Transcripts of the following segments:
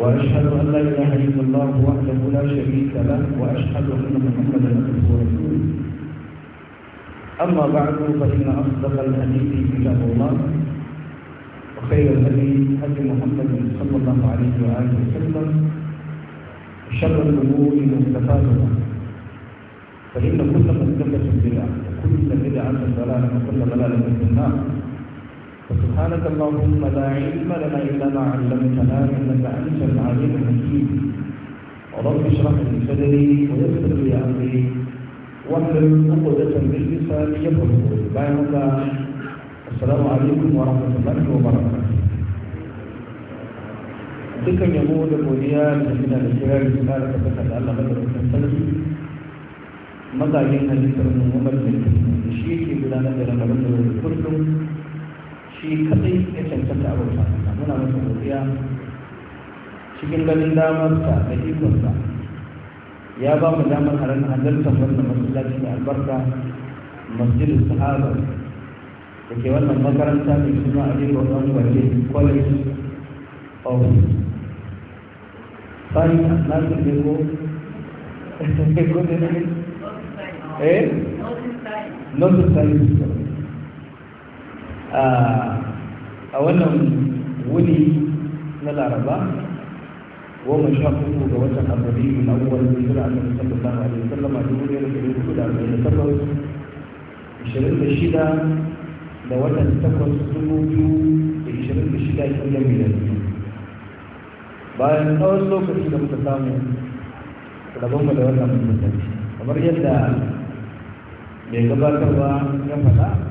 وأشهد أن لا إله إلا الله وحده لا شريك له وأشهد أن محمدا عبده ورسوله أما بعد فإن أصدق الحديث كتاب الله وخير الحديث هدي محمد صلى الله عليه وآله وسلم شر الأمور محدثاتها فإن كل محدثة بدعة وكل بدعة ضلالة وكل ضلالة في النار سبحانك اللهم لا علم لنا إلا ما علمتنا إنك أنت العليم الحكيم ورب اشرح لي صدري ويسر لي أمري واحلل عقدة من لساني يفقه بينك السلام عليكم ورحمة الله وبركاته dukkan yabo da godiya da gina da kira da kira da tabbata da Allah da dukkan sarki mazajin halittar mu Umar bin shi ke gudanar da da shi kadai ya cancanta abauta muna masa godiya cikin ganin damarsa da ikonsa ya ba mu damar haran halartar wannan masallaci da albarka masjid sahaba da ke wannan makaranta mai suna aliyu ɗan gwaje college of science na su ne ko ko ne ne? eh nursing science a wannan wuni na laraba goma sha uku ga watan abrilu na uwar hijira a kan sallallahu alaihi wasallam a dubu biyar da dubu da mai da takwas ishirin da shida da watan takwas dubu biyu da ishirin da shida kilan miliyan bayan tsawon lokaci da muka samu rabonmu da wannan mutunci kamar yadda mai gabatarwa ya faɗa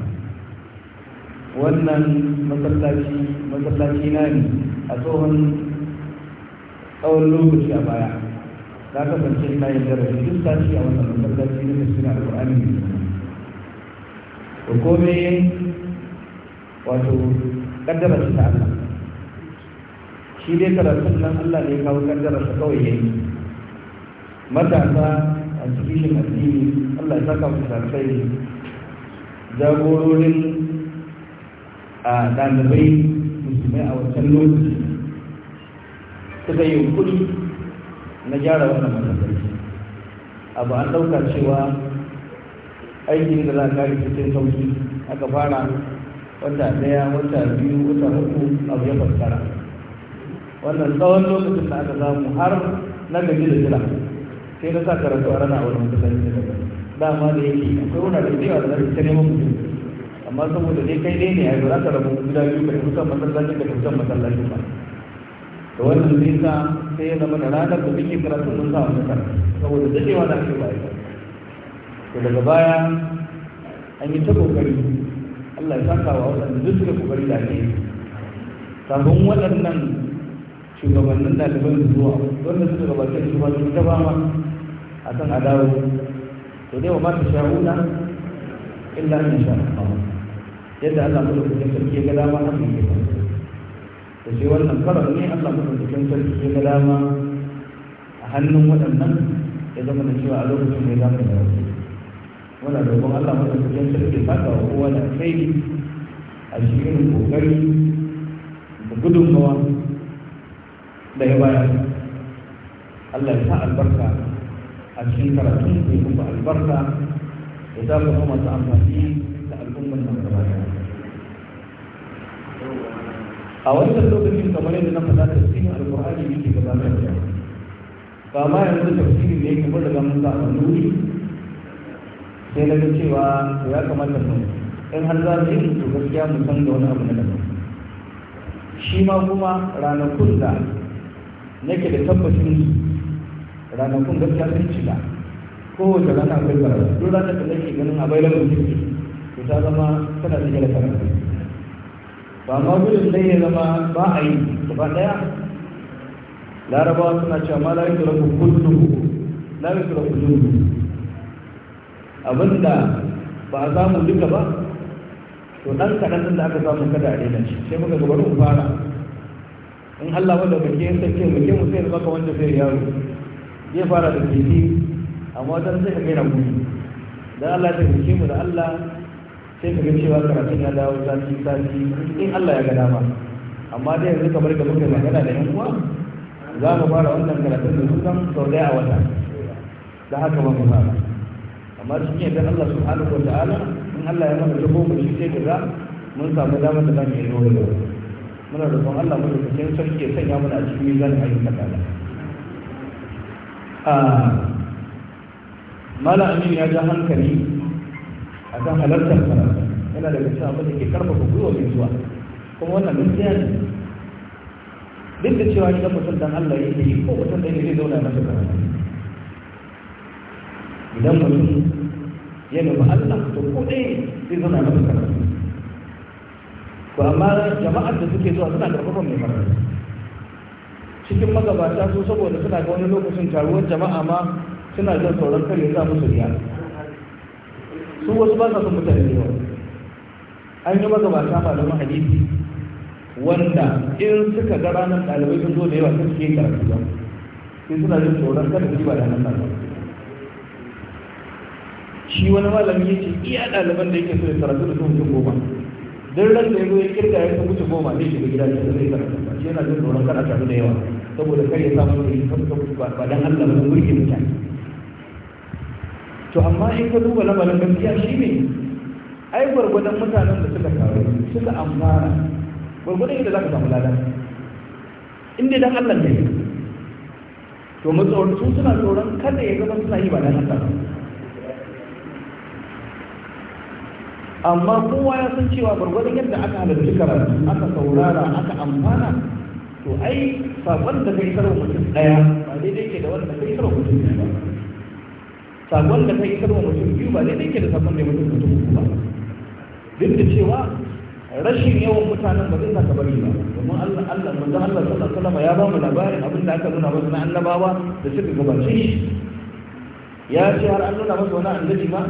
wannan masallaci na ne a tsohon tsawon lokaci a baya ta kasance na yin darasi duk tashi a wannan matsalaci na tafsirin alƙur'ani ne to kome wato kaddara ta Allah shi dai karatun nan Allah ne kawo kaddara ta kawai yayi matasa a cikin addini Allah ya saka mu da kai jagororin a ɗalibai musulmai a wancan lokaci suka yi kudi na gyara wannan masallaci abu an ɗauka cewa aikin da za a kare cikin sauki aka fara wata ɗaya wata biyu wata uku abu ya faskara wannan tsawon lokacin da aka samu har na gaji da jira sai na sa karatu a rana a wani masallaci da dama da yake akwai wani da yawa da zai ta neman mutum amma saboda dai kai dai ne ya yau za rabu gida biyu ka tafi masallaci ka tafi masallaci ba da wannan zai sa sai ya zama da ranar da muke karatu mun sa wani karatu saboda cewa na ce ba to daga baya an yi ta kokari Allah ya saka wa wannan duk da kokari da ne sabon waɗannan shugabannin da da zuwa wanda suka gabatar da shugabannin ta ba ma a kan adawo to dai wa ma ta sha'una illa in sha Allah yadda Allah madaukakin sarki ya ga dama a cikin kisa da shi wannan karar ne Allah madaukakin sarki ya ga dama a hannun waɗannan ya zama da cewa a lokacin da ya zama da wasu muna roƙon Allah madaukakin sarki fata wa kowa da kai a cikin kokari da gudunmawa da ya bayar Allah ya sa albarka a cikin karatun da ya kuma albarka da za ku kuma ta amfani da al'ummar nan gaba ɗaya a wannan lokacin kamar yadda na faɗa tafsirin alƙur'ani ne ke gaba da ba ma yanzu tafsirin ne kamar da gamun sa a nuri sai na ga cewa ya kamata mu in har za mu yi to gaskiya mu san da wani abu na daban shi ma kuma ranakun da nake da tabbacin ranakun gaskiya sun cika kowace rana akwai karatu duk ranar da nake ganin a available to ta zama tana cike da karatu ba ma gudun da zama ba a yi gaba ɗaya larabawa suna cewa ma lafi tura kullum lafi tura kullum da ba a samu duka ba to ɗan kaɗan da aka samu kada a daina shi sai muka gabar mu fara in Allah wanda kake yin sarki mu ke mu sai da baka wanda zai yaro zai fara da kifi amma wajen sai ka gaina kuma dan Allah ya tafi mu da Allah sai ka ga cewa karatun ya dawo zafi zafi in Allah ya ga dama amma dai yanzu kamar da muka magana da yan uwa za mu fara wannan karatun da sunan sau daya a wata da haka ba mu fara amma shi ne da Allah subhanahu wa ta'ala in Allah ya mana jabo mu shi sai kaza mun samu damar da zamu yi dole muna da Allah mu da kin sarki ya sanya mana a cikin mizan ayyukan Allah a ah, mala amin ya ja hankali a kan halartar karatu yana da cikin wanda ke karfafa gwiwa mai zuwa kuma wannan gaskiya ne duk da cewa idan mutum dan Allah yake yi ko mutum da zai zauna masa karatu idan mutum ya nufi Allah to ko dai zai zauna masa karatu ko amma jama'ar da suke zuwa suna da karfafa mai karatu cikin magabata su saboda suna ga wani lokacin taruwar jama'a ma suna jin tsoron kare za musu riya su wasu ba su son mutane ne yawa an yi magabata malaman hadisi wanda in suka ga ranar ɗalibai sun zo da yawa sun ke karatu ba sai suna jin tsoron kada su ba da nan ɗalibai shi wani malami ya ce iya ɗaliban da yake so ya karatu da sun mutum goma don ran da ya zo ya kirga ya wuce goma shi shiga gida da zai karatu ba shi yana jin tsoron kada tare da yawa saboda kar ya samu da yi kan ba don Allah ba murke mutane to amma in ka duba lamarin gaskiya shi ne ai gwargwadon mutanen da suka kawo suka amfana gwargwadon yadda za ka samu lada inda dan Allah ne to matsawar su suna tsoron kada ya gaba suna yi ba na haka amma kowa ya san cewa gwargwadon yadda aka halarci karatu aka saurara aka amfana to ai sakon da kai sarwa mutum daya ba daidai ke da wanda kai sarwa mutum ba sabon da ta yi karwa mutum biyu ba daidai ke da sabon da mutum mutum uku ba duk da cewa rashin yawan mutanen ba zai saka bari ba domin Allah Allah manzo Allah sallallahu alaihi wasallam ya ba mu labarin abin da aka nuna masa na annabawa da suka gabace shi ya ce har an nuna masa wani annabi ma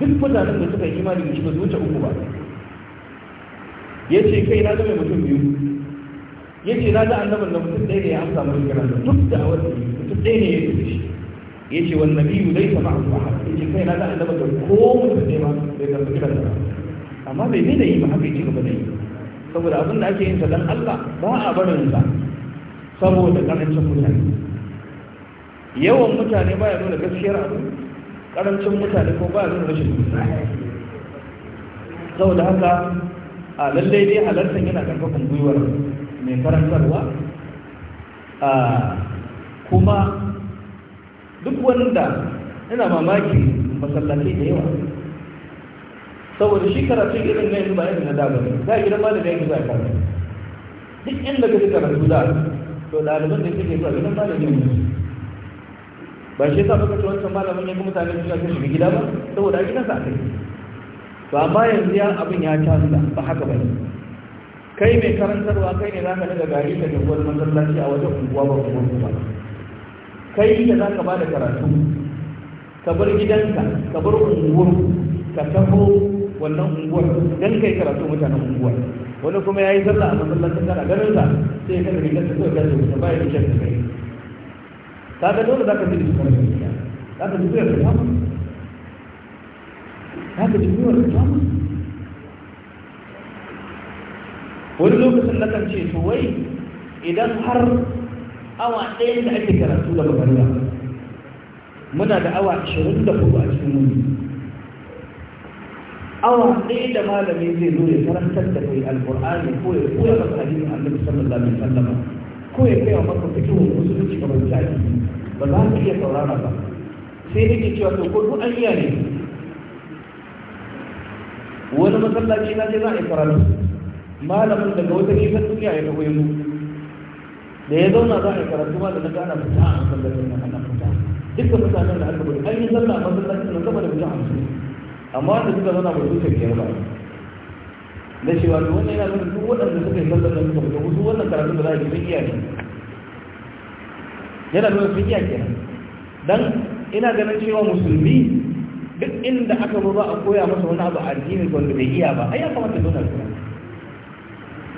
duk mutanen da suka yi imani da shi ba wuce uku ba ya ce kai na zama mutum biyu ya ce na ga annabin da mutum ɗaya ne ya amsa mai kira duk da a mutum ɗaya ne ya yi shi yace wan nabiyyu laysa ma'ahu ahad yace kai na da annabi da ko mun da ma da da kira da amma bai ne da yi ba haka yake gaba da yi saboda abin da ake yin sa dan Allah ba a barin sa saboda karancin mutane yawan mutane ba ya nuna gaskiyar abu karancin mutane ko ba ya nuna rashin saboda haka a lallai dai halartar yana karfafin gwiwar mai karantarwa kuma duk wanda yana mamaki masallaci da yawa saboda shi karatun irin na yanzu ba na dama ne za a gidan ba da yanki za a karatu duk inda ka fi karatu da to alamun da suke zuwa gidan ba da yanki ba shi sa baka ci wancan malamin ya kuma tare da shi shiga gida ba saboda a sa kai to amma yanzu ya abin ya canza ba haka ba ne kai mai karantarwa kai ne za ka daga gari ka jagorar masallaci a wajen unguwa ba kuma ba kai da za ka ba da karatu ka bar gidanka ka bar unguwar ka taho wannan unguwar don kai karatu mutanen unguwar wani kuma ya yi zalla a masallacin kana ganin sa sai ya kada rigar ta kawai ta zuwa ba ya rigar ta kai ta ga dole za ka ji kuma za ka ji kuma ka kama za ka ji kuma ka wani lokacin na kan ce to wai idan har awa ɗaya da ake karatu da magana muna da awa 24 a cikin wuni awa ɗaya da malami zai zo ya karantar da kai alƙur'ani ko ya koya maka hadisin musamman sallallahu alaihi wasallam ko ya kai maka fikihun musulunci kamar taki ba za ka iya saurara ba sai ke cewa to ko an iya ne wani masallaci na ce za a yi karatu malamin daga wata gefen duniya ya kawai mu da ya zauna za a karatu ma da na gana fita a da nan ana fita dukkan mutanen da aka bude ainihin yi a masu lantarki na kama da mutum hamsin amma wanda suka zauna ba su ke biyar ba da shi da wannan yana nuna duk waɗanda suka yi sallah da suka fita wasu wannan karatu da za a yi sun iya ne yana nuna sun iya kenan dan ina ganin cewa musulmi duk inda aka zo za a koya masa wani abu addini wanda bai iya ba ai ya kamata zo na koya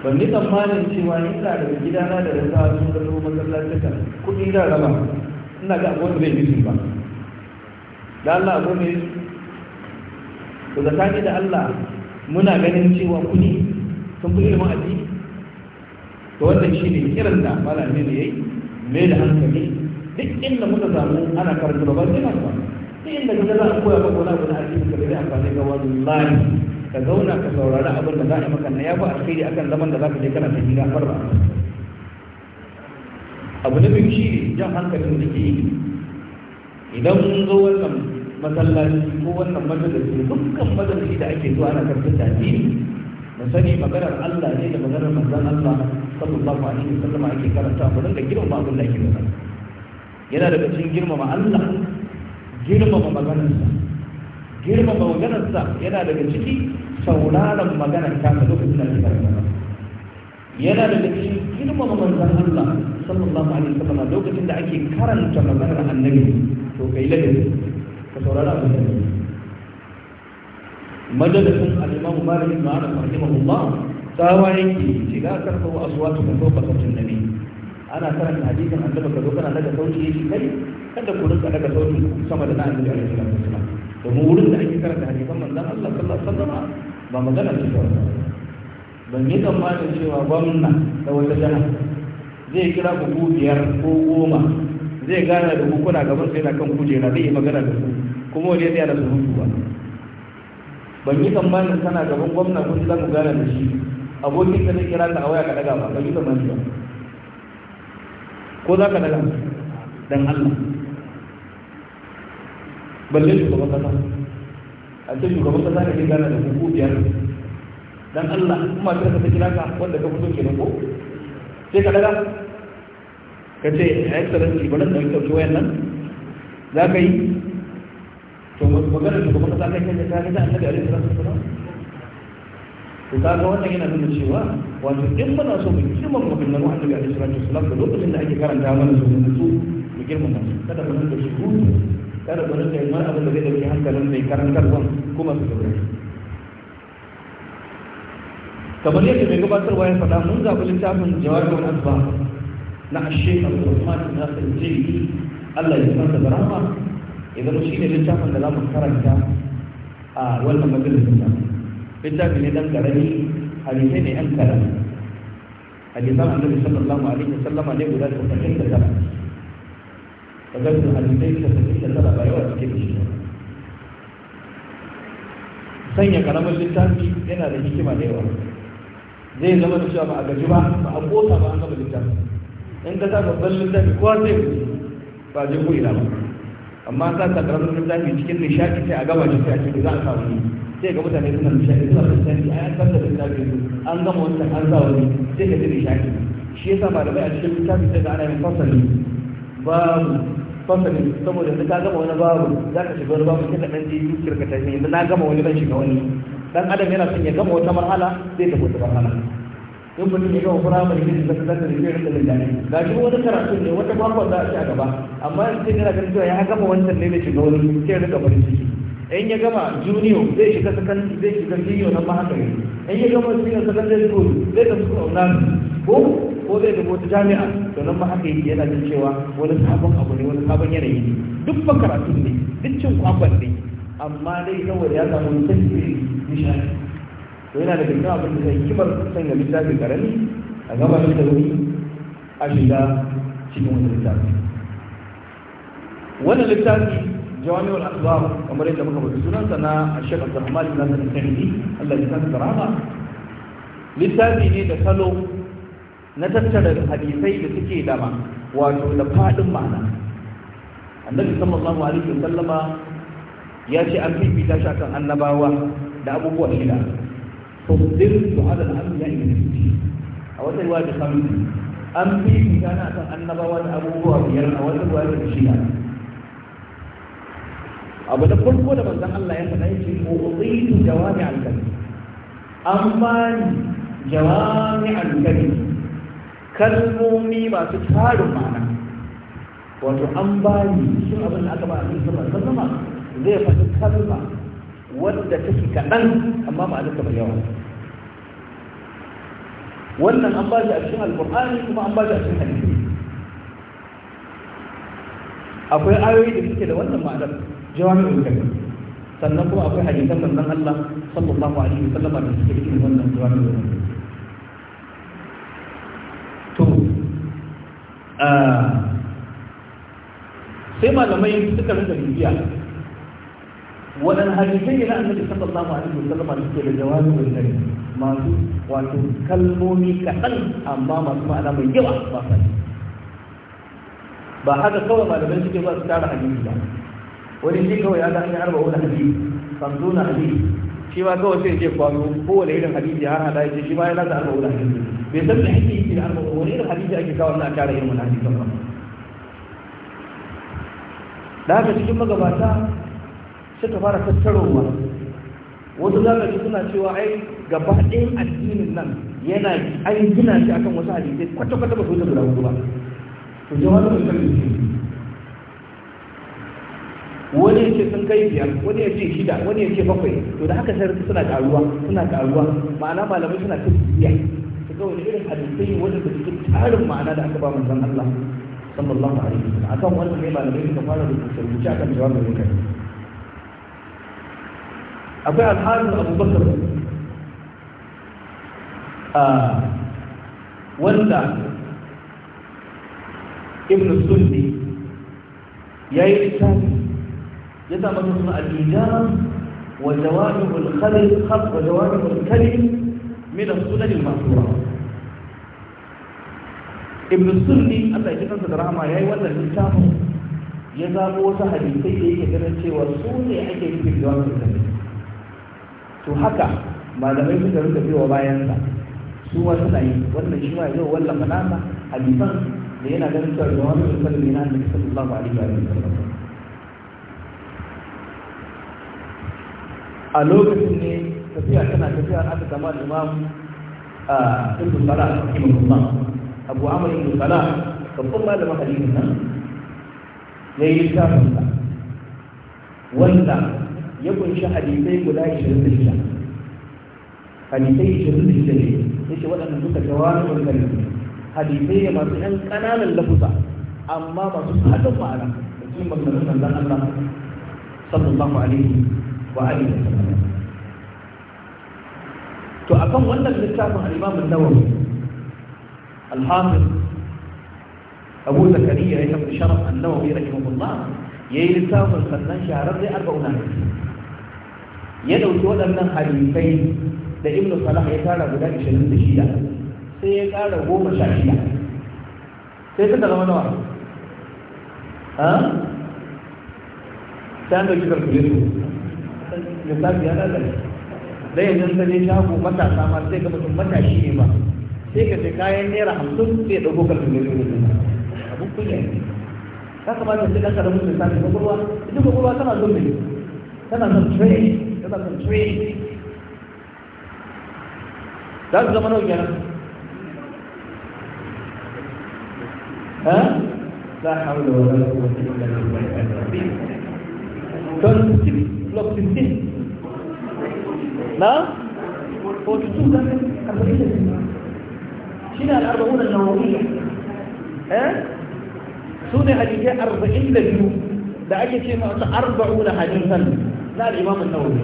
ban yi tsammanin cewa ina daga gidana da rasa sun da zuwa masallaci kuɗi da raba ina ga abuwan zai yi ba da Allah abu ne to da take da Allah muna ganin cewa kuɗi sun fi ilimin addini to wannan shi ne kiran da malami ne yayi mai da hankali duk inda muka samu ana karanta ba ba ba duk inda gida za a koya maka wani abu na addini ka bai amfani ga wallahi ka zauna ka saurari abin da za a maka na ya ba alkhairi akan zaman da za ka je kana ta gida farba abu na biyu shi ne jan hankalin da ke yi idan mun zo wannan masallaci ko wannan majalisi dukkan majalisi da ake zuwa ana karfin da addini mu sani maganar Allah ne da maganar manzon Allah sallallahu alaihi wasallam ake karanta mu dinga girmama abin da ake magana yana daga cikin girmama Allah girmama maganarsa girmama maganarsa yana daga ciki sauraron maganar ta ga lokacin da kika magana yana da cikin girmama manzon Allah sallallahu alaihi wasallam lokacin da ake karanta maganar annabi to kai ladabi ka saurara abin da majalisun al-imam Malik ibn Anas rahimahullah tsawa yake ce la tarfu aswatukum fawqa sawti nabi ana karanta hadisin annabi ka zo kana daga sauti yake kai kada ku rinka daga sauti sama da na annabi alaihi wasallam domin wurin da ake karanta hadisin manzon Allah sallallahu alaihi wasallam ba magana ce ba ban yi tsammanin cewa gwamna da wata jana zai kira ku biyar ko goma zai gana da kuna gaban sai na kan kujera zai yi magana da su kuma wani ya tsaya da surutu ba ban yi tsammanin sana gaban gwamna kun zan gana da shi abokin ka zai kira ta a waya ka daga ba ban yi tsammanin ba ko za ka daga dan Allah su ba ka a ce shugaban kasa ka ke gana da hukuku biyar dan Allah kuma ta ta kira ka wanda ka fito kenan ko sai ka daga ka ce a yi tsaron ki bari ɗauki ɗauki wayan nan za ka yi to magana da kuma kai kai ta ga da annabi alaihi salatu wasallam to ga wannan yana nuna cewa wato in muna so mu girmama Allah sallallahu alaihi wasallam da lokacin da ake karanta mana su mu girmama kada mu nuna shi ko kada ku rinka yin abin da zai dauki hankalin mai karantarwan kuma su gaba kamar yadda mai gabatarwa ya faɗa mun zaɓi littafin jawabin asba na ashe abu usman na sanje allah ya san da rahama Idan shi ne littafin da za mu karanta a wannan majalisar littafi ne dan karami hadisai ne yan karami hadisan annabi sallallahu alaihi wasallam ne guda 99 ka ga da ta da tafi da tana ba yawa suke da shi sanya karamar littafi yana da hikima da yawa zai zama da cewa ba a gaji ba ba a kota ba an gaba littafi in ka sa babban littafi kowa zai ba zai ko ina ba amma ta sa karamar littafi cikin nishaɗi sai a gama shi sai a cikin za a sa wani sai ga mutane suna nishaɗi suna nishaɗi a yan kasa littafi an gama wancan an sa wani sai ka ji nishaɗi shi yasa malamai a cikin littafi sai ga ana yin fasali babu fasalin saboda sai gama wani babu za ka shiga wani babu sai ɗan ji zuciyar ka ta yanzu na gama wani zan shiga wani dan adam yana son ya gama wata marhala zai tafi wata marhala in mutum ya gama firamare ne da zaka da zai rika da ga shi wani karatu ne wata makon za a ci a gaba amma in sai yana ganin cewa ya gama wancan ne da shiga wani sai rika farin ciki in ya gama junior zai shiga secondary zai shiga senior nan ma in ya gama senior secondary school zai tafi na ko ko zai da wata jami'a to nan ma haka yake yana jin cewa wani sabon abu ne wani sabon yanayi ne duk ba karatu ne duk cin kwakwan ne amma dai saboda ya samu tasiri nishani to yana da dukkan abin da sai kimar sanya littafin karami a gaba da wuri a shiga cikin wani littafi wannan littafi jawami wal asbab kamar yadda muka bada sunansa na Sheikh Abdulrahman bin Nasir al-Kahili Allah ya san karama littafi ne da salo na tattara hadisai da suke da wato da faɗin ma'ana annabi sallallahu alaihi wa sallama ya ce an fifita shi akan annabawa da abubuwa shida to din to hada da da yi a wata riwaya da kan an fifita na akan annabawa da abubuwa biyar a wata riwaya da shida abu da farko da manzon Allah ya faɗa yake uqitu jawami al-kalim an bani jawami al-kalim kalmomi masu tarin mana wato an bani shi abin da aka ba a cikin sama zai faɗi kalma wadda take kaɗan amma ba ma'anar ta yawa wannan an ba shi a cikin alƙur'ani kuma an ba shi a cikin hadisi akwai ayoyi da suke da wannan ma'anar jawabin kalim sannan kuma akwai hadisan manzon Allah sallallahu alaihi wasallam da suke da wannan jawabin kalim Ah. sai malamai suka rinka bibiya waɗannan hadisai ne na annabi sallallahu alaihi wasallam da suke da jawabi wannan masu wato kalmomi kaɗan amma masu ma'ana mai yawa ba sa ba haka kawai malamai suke ba su tara hadisi ba wani shi kawai ya ga an yi arba wani hadisi na hadisi shi ma kawai sai ya ce kwano kowane irin hadisi har hada ya ce shi ma ya nasa arba'u da hadisi bai san da yake yi da arba'u wani irin hadisi ake kawo na kare irin wani hadisan ba da haka cikin magabata suka fara tattarowa wasu zaka ji suna cewa ai gaba ɗayan addinin nan yana an gina shi akan wasu hadisi kwata-kwata ba su wuce guda hudu ba to wani yake sun kai biyar wani ya shida wani ya bakwai to da haka sai suna karuwa suna karuwa ma'ana malamai suna tafiya biya su ga wani irin hadisi wanda da cikin tarin ma'ana da aka ba manzon Allah sallallahu alaihi wasallam akan wannan ne malamai suka fara rubuce rubuce akan jawabin ne kai akwai alhalin abubakar wanda ibn sunni ya yi littafi ya sa mata suna al-ijam wa jawabul khalil khaf wa jawabul kalim min as-sunan al ibn sunni Allah ya kansa da rahama yayi wannan littafin ya zabo wasu hadisai da yake ganin cewa su ne ake cikin jawabul kalim to haka malamai suka rika biyo bayan sa su ma suna yi wannan shi ma yau wallafa manama, hadisan da yana ganin cewa jawabul kalim yana da sallallahu alaihi wa sallam a lokacin ne tafiya tana tafiya aka kama da imam a ibn Bala imam abu amr ibn salah babban malamin hadisin nan yayi littafin sa wanda ya kunshi hadisai guda 26 hadisai 26 ne ya yace waɗanda suka jawabi wal kalimi hadisai ya masu ɗan ƙananan lafusa, amma masu haɗin ma'ana da su maganganun nan Allah sallallahu alaihi wa ali to akan wannan littafin al-imam an-nawawi al-hafiz abu zakariya ya tabbata sharaf an-nawawi rahimahullah yayi littafin sannan shahararre arba'una ya dauki waɗannan hadisai da ibnu salah ya tara guda 26 sai ya ƙara goma sha shida sai ta zama nawa ha sai an dauki kalkuleto lissafi sa lalace da yanzu ta je shago matasa ma sai ga mutum matashi ne ba sai ka ce kayan naira hamsin sai ya ɗauko kalfin da zai abin kunya ne ka kamata sai ɗan karamin da na gurwa ita gurwa tana son mai tana son trade tana son trade za su zama nawa kenan لا حول ولا block 15 na 42 kan shi ne al'arba'unan nawawiyya eh su ne hadisai arba'in da biyu da ake ce masu arba'unan hadisan na al'imamun nawawi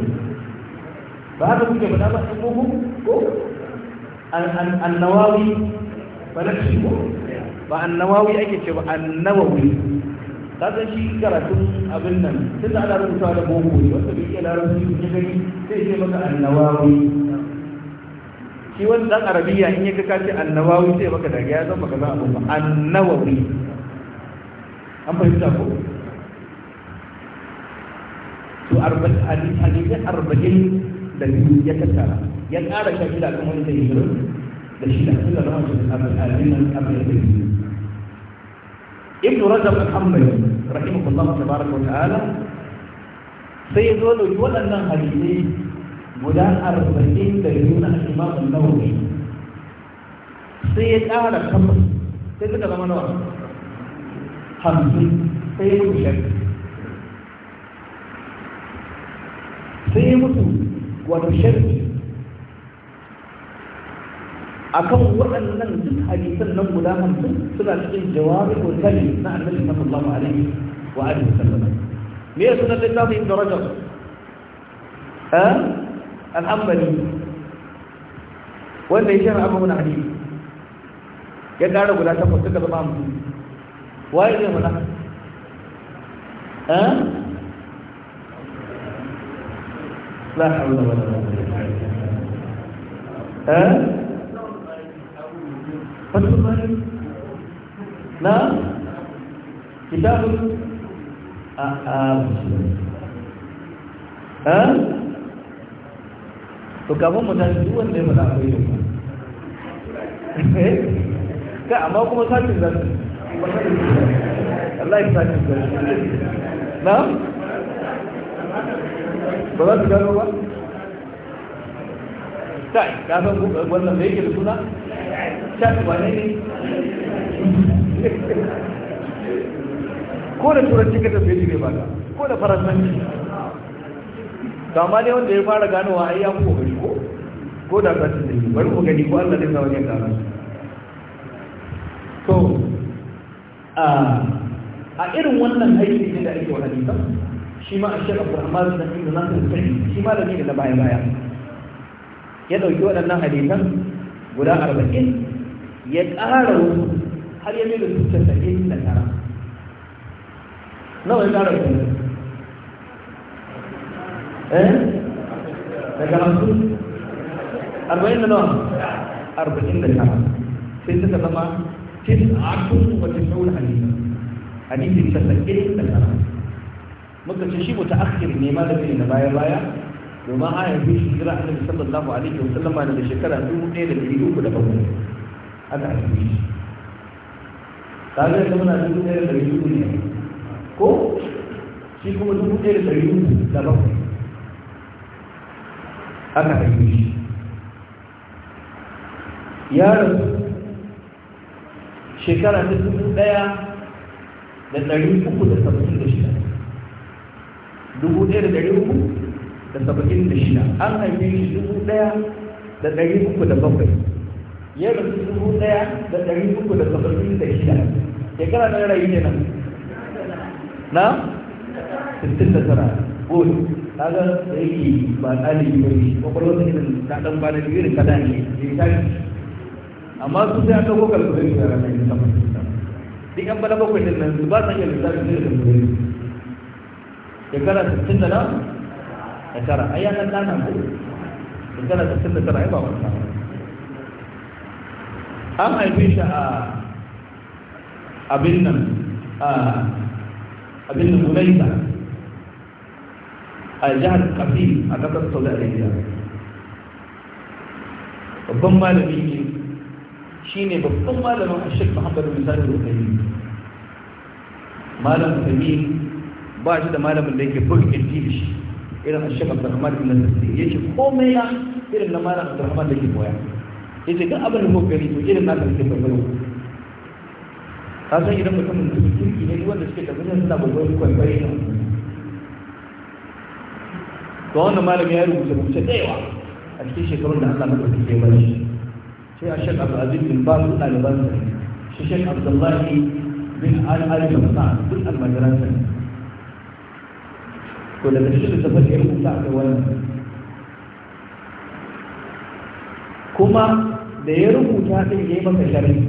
ba haka kuke ba ɗan gugu ko annawawi ba na ko ba ake ce ba annawawi kaga shi karatun abin nan tun da ana rubuta da boko ne wanda bai iya larabci ya gani sai ya maka annawawi shi wani dan arabiya in ya ga kace annawawi sai maka daga ya zan maka za abin ba annawawi an fahimta ko to hadisai arba'in da ya tattara ya ƙara sha shida kan wani da ishirin da shida kuma da zama da abin da abin da biyu ابن رجب محمد رحمه الله تبارك وتعالى سيد سيقول يقول أن هذه مدار أربعين تريدون الإمام النووي سيد أهل الخمس سيد أهل الخمس خمسين سيد الشك سيد الشك akan waɗannan duk hadisan nan guda hamsin suna cikin jawabi ko kali na annabi sallallahu alaihi wa alihi wasallam me ya sunan da littafin ibn rajab ha al-ambali wanda ya shara abu na hadisi ya ƙara guda takwas suka zama hamsin waye ne mana ha la hawla wala quwwata illa billah ha fatul bari na kitabun a a to kafin mu eh? amma kuma sakin Allah ya sakin zan na ba za su gano ba ta kafin wannan da yake da suna can wane ne ko da turanci ka tafiye ne ba ko da faransanci to amma ne wanda ya fara ganowa ai ya kuma gani ko ko da ka tafiye bari ku gani ko Allah ne sa wajen gano to a irin wannan aiki ne da ake wa hadisa shi ma a shekaru Abdulrahman da Ibn Nasir Sa'id shi ma da ne da baya baya ya dauki waɗannan hadisan guda arba'in ya ƙara wasu har ya mai da su da tara nawa ya ƙara wasu eh daga hamsin arba'in da nawa arba'in da tara sai suka zama tis'atun wa tis'un hadisi hadisi casa'in da da tara muka ce shi mutaakhir ne ma da bai da baya baya domin a yanzu shi jira a annabi sallallahu alaihi wasallama da shekara da 1307 aka haife shi kaga da muna dubu ɗaya da ɗari uku ne ko shi kuma dubu ɗaya da ɗari uku da bakwai aka haife shi yaron shekara ta dubu ɗaya da ɗari uku da saba'in da shida dubu ɗaya da ɗari uku da saba'in da shida an haife shi dubu ɗaya da ɗari uku da ya rasu dubu ɗaya da ɗari uku da da shida shekara na rayu ne nan na sittin da tara gol kaga ba ɗalibi ba ne da irin ta ba da biyu da kada ne ya tashi amma su sai aka kokar su zai tsara na yin sama duk yan bala bakwai din nan su ba san yin lissafi ne da su shekara sittin da na tara ai ɗana ko shekara sittin da tara ai ba wani an haife shi a abin nan a abin nan hulaita a jihar kafi a kasar saudi arabia babban malami ne shi ne babban malamin a shek muhammadu misali rukari malam rukari ba shi da malamin da yake burkin shi irin a shek abdurrahman ibn nasir ya ce komai ya irin na malam abdurrahman da ke boya yace duk abin da muka gani to irin na kan kin bayyana ka san idan mutum da su kirki ne wanda suke da mutum suna babban kwaikwayo ne to wannan malami ya rubuta rubuta daya a cikin shekarun da Allah mutum ke bari sai a shek abu aziz bin babu ɗaliban sa shi shek abdullahi bin al'ali da masa duk almajiran ne ko daga shi da tafiya rubuta a kai wannan kuma da ya rubuta ɗin ya yi maka sharhi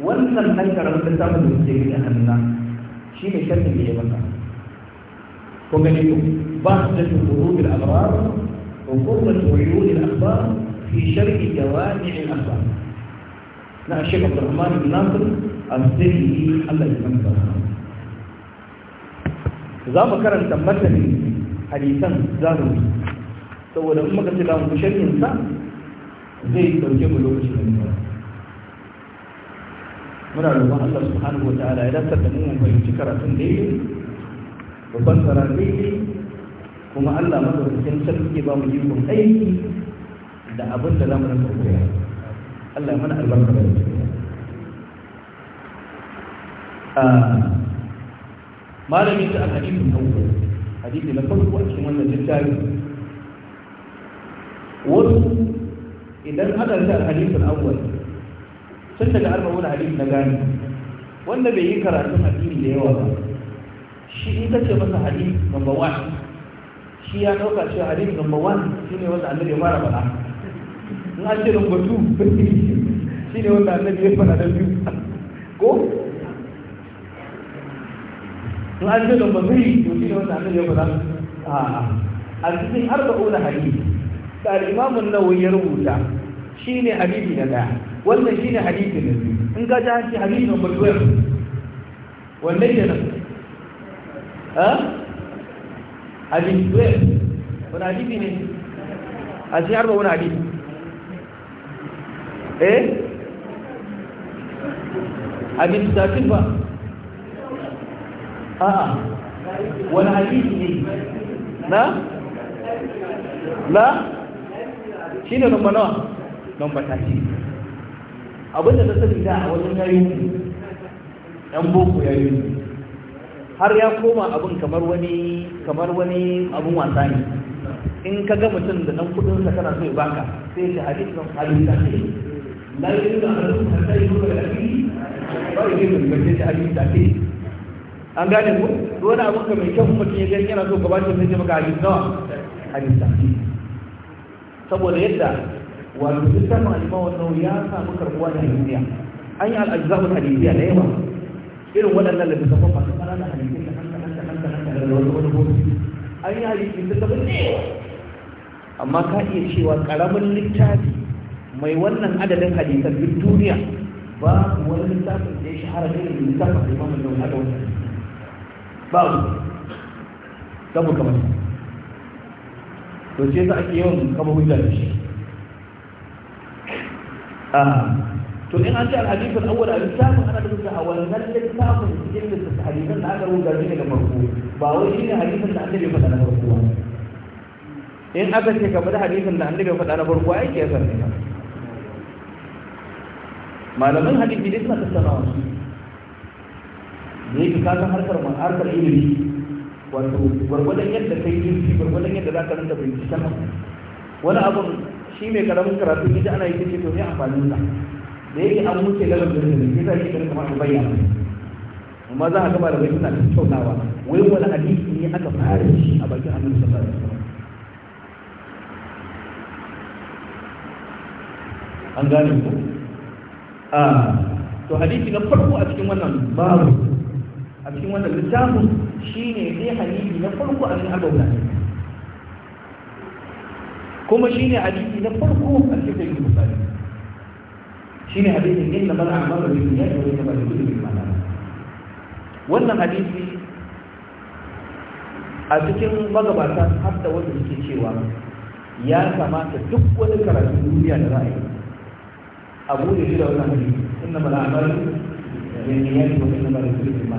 wannan ɗan karamin littafin da suke yi a hannuna shi ne sharhin da ya maka ko gani ko ba su da tuhuru bil abrar wa qurrat uyun al akhbar fi sharh jawami' al akhbar na Sheikh Abdul Rahman bin Nasir al-Sirri Allah ya manta za mu karanta matanin hadisan zaru saboda in muka ce za mu sharhin sa zai dauke mu lokacin da nuna muna roƙon Allah subhanahu wa ta'ala ya dasa da mun fahimci karatun yi babban tsara daidai kuma Allah madaukakin sarki ba mu ikon aiki da abin da zamu rinka koya Allah mana albarka da ah, malamin ta alhadisin farko hadisi na farko a cikin wannan jirgin wasu idan hada da hadisin awwal sun daga arba'un hadisi na gani wanda bai yi karatun hadisi da yawa ba shi in ka ce masa hadisi number one shi ya dauka cewa hadisi number one shine wanda annabi ya fara faɗa in an ce number two shine wanda annabi ya fara da biyu ko in an ce number three to shine wanda annabi ya fara a a cikin arba'un hadisi da al'imamun nawawi ya rubuta shi ne hadisi na ɗaya wannan shi ne hadisi na biyu in ka ji hanci hadithi na bulwar wannan ke nan ha Hadithi bulwar wani hadithi ne a shi harba wani hadisi eh hadisi ta ba a'a wani hadithi ne na na shi ne numba nawa numba tashi abinda ta sani da a wajen yayi yan boko yayi har ya koma abin kamar wani kamar wani abin wasa ne in ka ga mutum da nan kudin sa kana so ya baka sai ya hadi kan hadisi ta ce la da an yusallu ala al-nabi ba yuridu an yusallu ala al an gane ku wani abin ka mai kyau mutum ya ga yana so ka ba shi sai ya maka hadisi da hadisi da ce saboda yadda wato da al'imawar wannan ya samu karbuwa da duniya an yi al'ajizabun hadisiya da yawa irin waɗannan da bisa sun masu da hadisi da hankalin da hankalin da wani wani gobe an yi hadisi da tabbin ne amma ka iya cewa ƙaramin littafi mai wannan adadin hadisan duk duniya ba wani littafin da ya shahara ne da littafin da nau ya da wani ba mu kamar to ce za ake yawan kama hujja da shi ah, to in an ce alhadisu awwal a littafin ana rubuta a wannan littafin cikin da hadisan da aka rubuta shi daga farko ba wai shi ne hadisan da annabi faɗa na farko ba in aka ce ka faɗi hadisan da annabi faɗa na farko ai ke san ne Malamin hadisi dai suna tattaunawa su ne ka san harkar harkar ilimi wato gwargwadon yadda kai shi gwargwadon yadda za ka rinka binciken wani abun shi mai karamin karatu ita ana yi kace to ne amfanin da da yake an wuce lalar da ne sai ta shi kamar a bayyana amma za a gaba da bayyana ta kyautawa. wai wani hadisi ne aka fara shi a bakin annabi sallallahu alaihi wasallam an gane ku a ah, to hadisi na farko a cikin wannan babu a cikin wannan littafin shine sai hadisi na farko a cikin albauna kuma shine hadisi na farko a cikin sahih bukhari ne hadisin inna bal a'malu bi niyyati wa inna bal kulli ma wannan hadisi a cikin magabata har da wanda suke cewa ya kamata duk wani karatu duniya da ra'ayi abu da shi da wannan hadisi inna bal a'malu bi niyyati wa inna bal kulli ma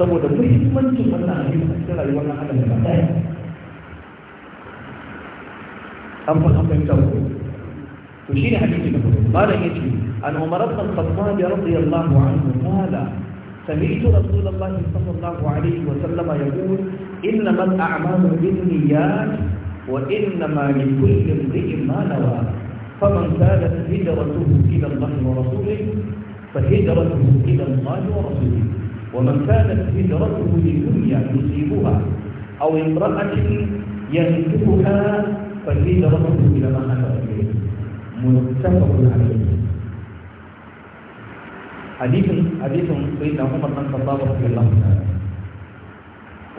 saboda muhimmancin wannan hadisi a cikin rayuwar nan adam gaba ɗaya an fa an fahimta ko to shine hadisi na farko malam yace an umar ibn khattab radiyallahu anhu qala سمعت رسول الله صلى الله عليه وسلم يقول إنما الأعمال بالنيات وإنما لكل امرئ ما نوى فمن كانت هجرته إلى الله ورسوله فهجرته إلى الله ورسوله ومن كانت هجرته للدنيا يصيبها او امراه يهلكها فهجرته الى ما هاجر اليه متفق عليه حديث حديث سيدنا عمر بن الخطاب رضي الله عنه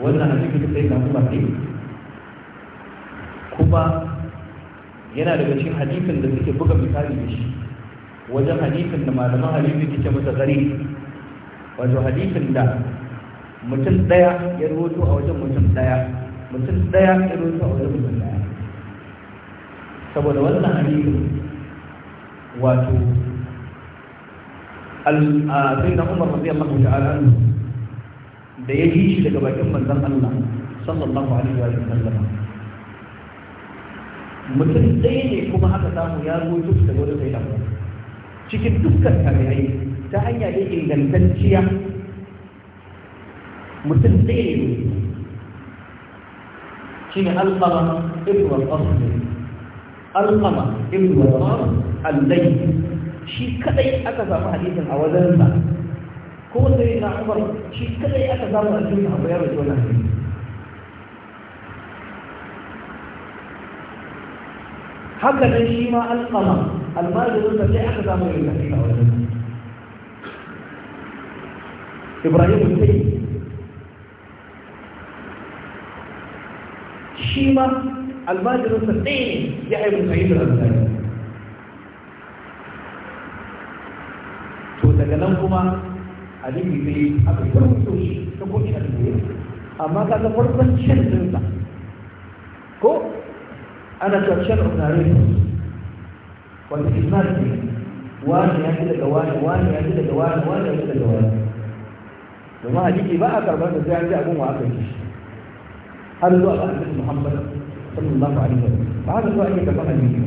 وانا حديث سيدنا عمر فيه كما yana daga cikin hadisin da suke buga misali da shi wajen hadisin da malaman halittu ke ce wato hadisin da mutum ɗaya ya rubuto a wajen mutum ɗaya mutum ɗaya ya rubuto a wajen mutum ɗaya saboda wannan hadisi wato al na umar radiyallahu ta'ala anhu da ya shi daga bakin manzon Allah sallallahu alaihi wa sallam mutum ɗaya ne kuma aka samu ya rubuto daga wajen sai na cikin dukkan tabi'ai ta hanya da ingantacciya mutum ɗaya ne shi ne alƙama ibn al-qasr alƙama ibn al-qasr al-dai shi kadai aka samu hadisin a wajensa ko sai na umar shi kadai aka samu a cikin abu ya rasu wannan hadisi haka nan shi ma alƙama almajirin da sai aka samu yin hadisi a wajensa إبراهيم السيد شيمة الماجر السبتين يحيى بن سعيد الأنساني وتكلمكما أليم السيد أبي فرمسوش تقول شهدين أما كذا فرصة شهدين كو أنا كرشان أبناريس وفي إسمارتي واني أجد الدوان واني أجد الدوان واني أجد الدوان domin hadisi ba a karɓar da sai an ji abin wa aka yi har zuwa ga annabi Muhammad sallallahu alaihi wasallam ba da zuwa ake karɓar hadisi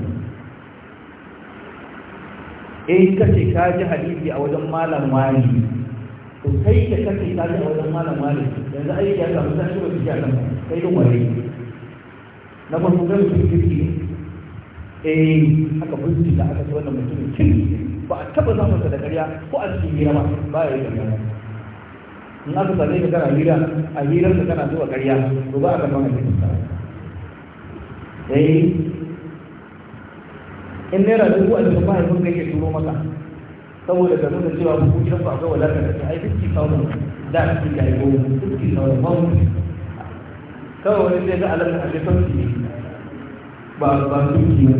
eh, in ka ce ka ji hadisi a wajen malam wani to kai da kake ka ji a wajen malam wani yanzu aiki ya samu tashi ba su a kan kai da kwarai na farko gan su kirki eh aka da aka ce wannan mutumin kirki ba a taba zama da ƙarya ko a cikin girma ba ya yi ƙarya in aka same ka kana hira a hirar ka kana zuwa ƙarya to ba a kan maka cikin sa dai eh, in naira dubu a cikin mahaifin ka yake turo maka saboda ka nuna cewa ku gidan ku akwai wadatar da ta ai fifty thousand da su ka yi ko fifty thousand ba mu kawai wani sai ga alaƙa a cikin ba ba duki ba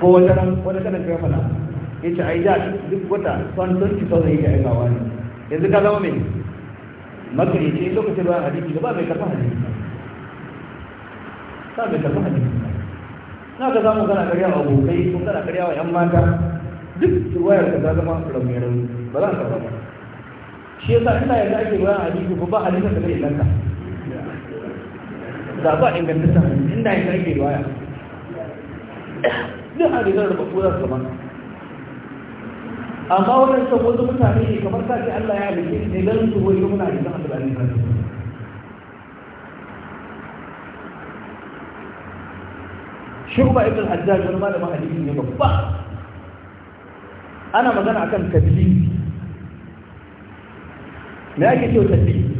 ko wata wata kanan kai fada ya ce ai da duk wata son don ki sauran yake aikawa ne yanzu ka zama mai makarici lokacin ruwan hadisi da ba mai karfa hadisi ba mai karfa hadisi na ka zama kana karya wa abokai sun kana karya wa yan mata duk ruwayar ka ta zama rauni rauni ba za ka zama shi yasa ina yanzu ake ruwan hadisi ba ba hadisi ka zai lanka da ba ingantaccen inda yanzu ake ruwaya duk hadisan da ba kura su amma wannan san wasu mutane ne kamar ka ce Allah ya halitta ne dan su wai muna da san Allah ne shubba ibn al-hajjaj wani malamin hadisi ne babba ana magana akan tadlisi me ake cewa tadlisi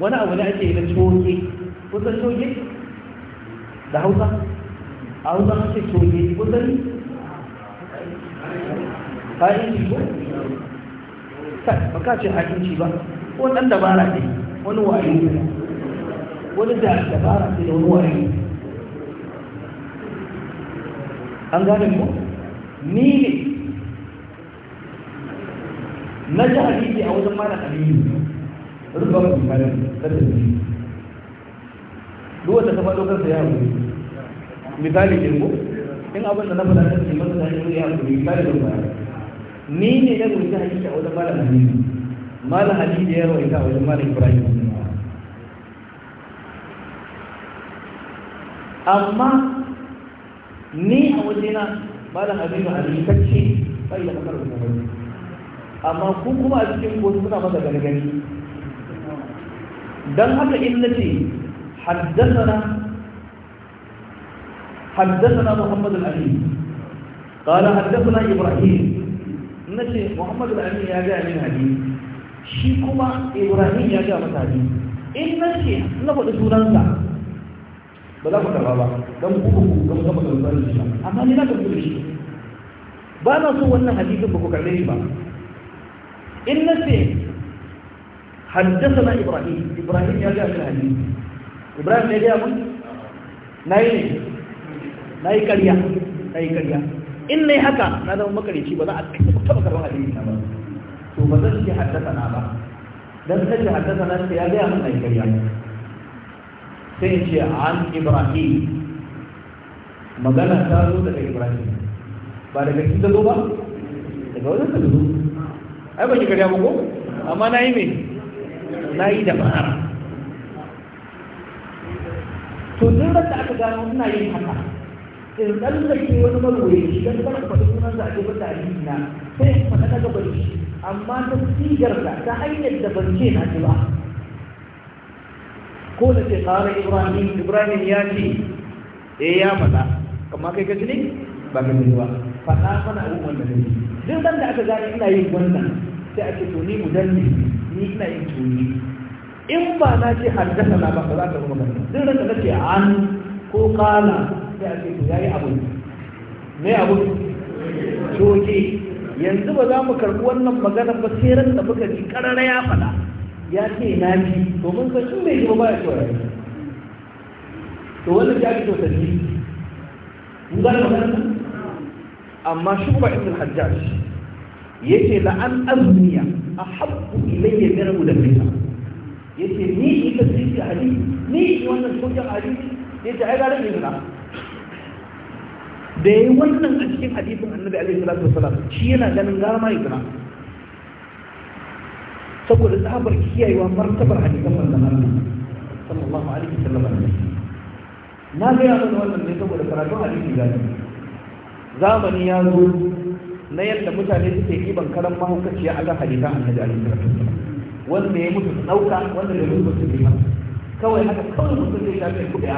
wani abu ne ake yi na coge kusan coge da hausa a hausa ake coge kusan ha'inci ba kai ba ka ce ha'inci ba ko ɗan dabara ne wani wayo wani da dabara ne da wani wayo an gane ko ni ne na ji hadisi a wajen mana aliyu ba rufar bukarin tattabi duk wata ta faɗo kansa ya ne. misali ne ko in abin da na faɗa ta ce masa ta yi ya haɗu ba da baya ni ne na rubuta hadisi a wajen malam hadisi malam hadisi ya rawaita a wajen malam ibrahim amma ni a wajena malam aminu halittacce bai da kasar da wani amma ku kuma a cikin wasu suna masa gargani don haka in na ce haddasana haddasana muhammad al-ali قال حدثنا ابراهيم na ce muhammadu al'amin ya gaya min hadi shi kuma ibrahim ya gaya masa hadi in na ce na faɗi sunansa ba za ku karba ba don ku ku ga mu gama karɓar shi ba amma ni na karɓi shi ba na so wannan hadisin ba ku karbe shi ba in na ce haddasa ibrahim ibrahim ya gaya min hadi ibrahim ya gaya mun na yi ne na yi karya na yi karya in yi haka na zama makarici ba za a taba karban hadisi ba to ba zan ce haddasa na ba dan kace haddasa na sai ya ga mun ai kariya sai ce an ibrahim magana ta zo daga ibrahim ba daga shi ta zo ba daga wajen ta zo ai ba ki kariya ba ko amma na yi me na yi da bara to duk da aka gano ina yin haka in tsallake wani magoyi shi don kar ku faɗi sunan sa a cikin tarihi na sai in faɗa daga bari shi amma ta sigar da ta hanyar da ban ce na ba ko da ce ƙara ibrahim ibrahim ya ce eh ya faɗa amma kai ka ne ba ka ne ba faɗa mana abubuwan da ne duk ɗan da aka gane ina yin wannan sai ake to ni mudanni ni ina yin tuni in ba na ce haddasa na ba ba za ka zama ba. duk da kace an ko kala sai a ce to yayi abu me abu coke yanzu ba za mu karɓi wannan magana ba sai ran da muka ji karara ya fada ya ce na ji domin ka shi mai ba ya cewa to wannan ya fi kyautar ji mun ga magana amma shi ba ibn hajjaj yace la an azniya ahabbu ilayya min mudallisa yace ni ita sai ali ni wannan sojan ali yace ai ga da ibn da ya yi wannan a cikin hadisin annabi alaihi salatu shi yana ganin gara ma ya saboda tsabar kiyayewa martabar hadisan manzon Allah sallallahu alaihi wasallam na ga ya da wannan ne saboda karatun hadisi gani zamani ya zo na yadda mutane suke kiban karan mahaukaciya a kan hadisan annabi alaihi salatu wanda ya mutu su wanda ya mutu su kawai haka kawai mutu zai shafe kuɗi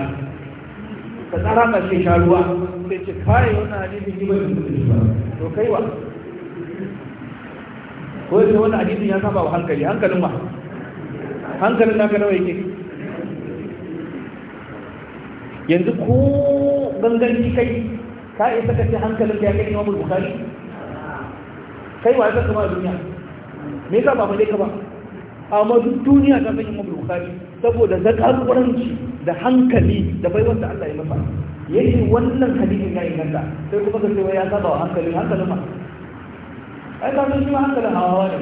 Ka tsara ba sai sha ruwa sai ce kai wannan hadisin yi ba to kai wa ko yace wannan hadisin ya saba wa hankali hankalin ma hankalin na nawa yake yanzu ko ganganci kai ka isa ka ce hankalin ka ya kai Imam Bukhari kai wa ya saka ma duniya me ka ba mu dai ka ba amma duk duniya ta san Imam bukari saboda zakaruranci da hankali da bai da Allah ya masa yayin wannan hadisin ya inganta sai kuma ka cewa ya saba wa hankali hankalin ma ai ka mun shi hankalin hawa ne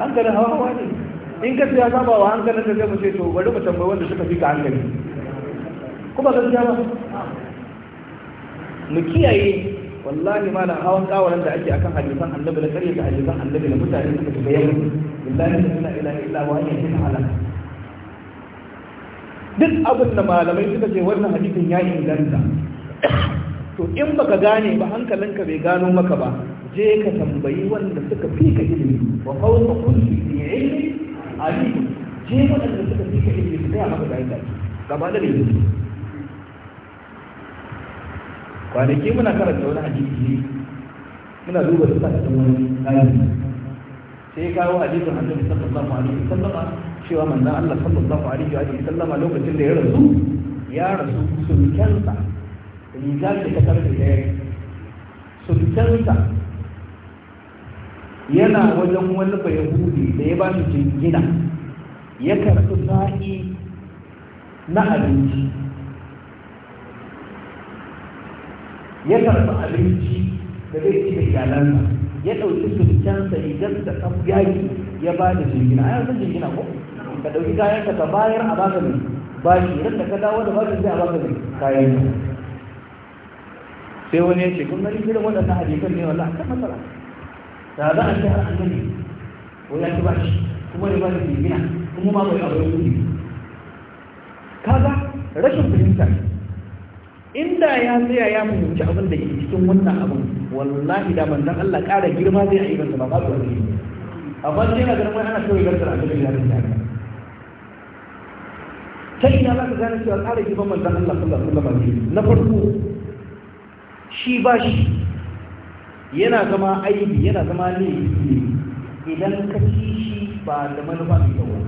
hankali hawa ne in ka ya saba wa hankalin ka sai mu ce to bari mu tambayi wanda suka fi ka hankali kuma gaskiya ba mu kiyaye wallahi ma hawan kawalan da ake akan hadisan annabi da kare da hadisan annabi da mutane suka shiga yau billahi la ilaha illa huwa ya cikin duk abin da malamai suka ce wannan hadisin ya inganta to in baka gane ba hankalinka bai gano maka ba je ka tambayi wanda suka fi ka ilimi wa fawqa kulli ilmi alim je wanda suka fi ka ilimi ga maka da yadda gaba da ne kwanaki muna karanta wani hadisi muna duba su sakamakon wani ɗalibi sai ya kawo hadisin annabi sallallahu alaihi sallama cewa manzan Allah sallallahu alaihi wa sallama lokacin da ya rasu ya rasu sulkensa riga ce ta karfe ɗaya sulkensa yana wajen wani bayahudi da ya ba shi jingina ya karɓi sa'i na abinci ya karɓi abinci da zai ci da iyalansa ya ɗauki sulcansa idan da kan yaƙi ya ba da jirgin a yanzu jingina ko ka ɗauki kayan ka bayar a baka ne bashi idan da ka dawo da bashi sai a baka ne kayan ka sai wani ya ce kun gani gidan haɗe kan ne wala kan matsala da za a ce har an gani ko ya ci shi? kuma ya ba da jingina kuma ma bai aure Ka kaga rashin fahimta ne inda ya tsaya ya fahimci abin da ke cikin wannan abin wallahi da manzon Allah ƙara girma zai yi masa ba ba su ne amma sai na ganin ana kawai garkar a cikin yaran da ta ina za ka gane cewa ƙara girman manzon Allah sallallahu alaihi wasallam na farko shi ba shi yana zama aibi yana zama laifi idan ka ci shi ba da manufa mai kyau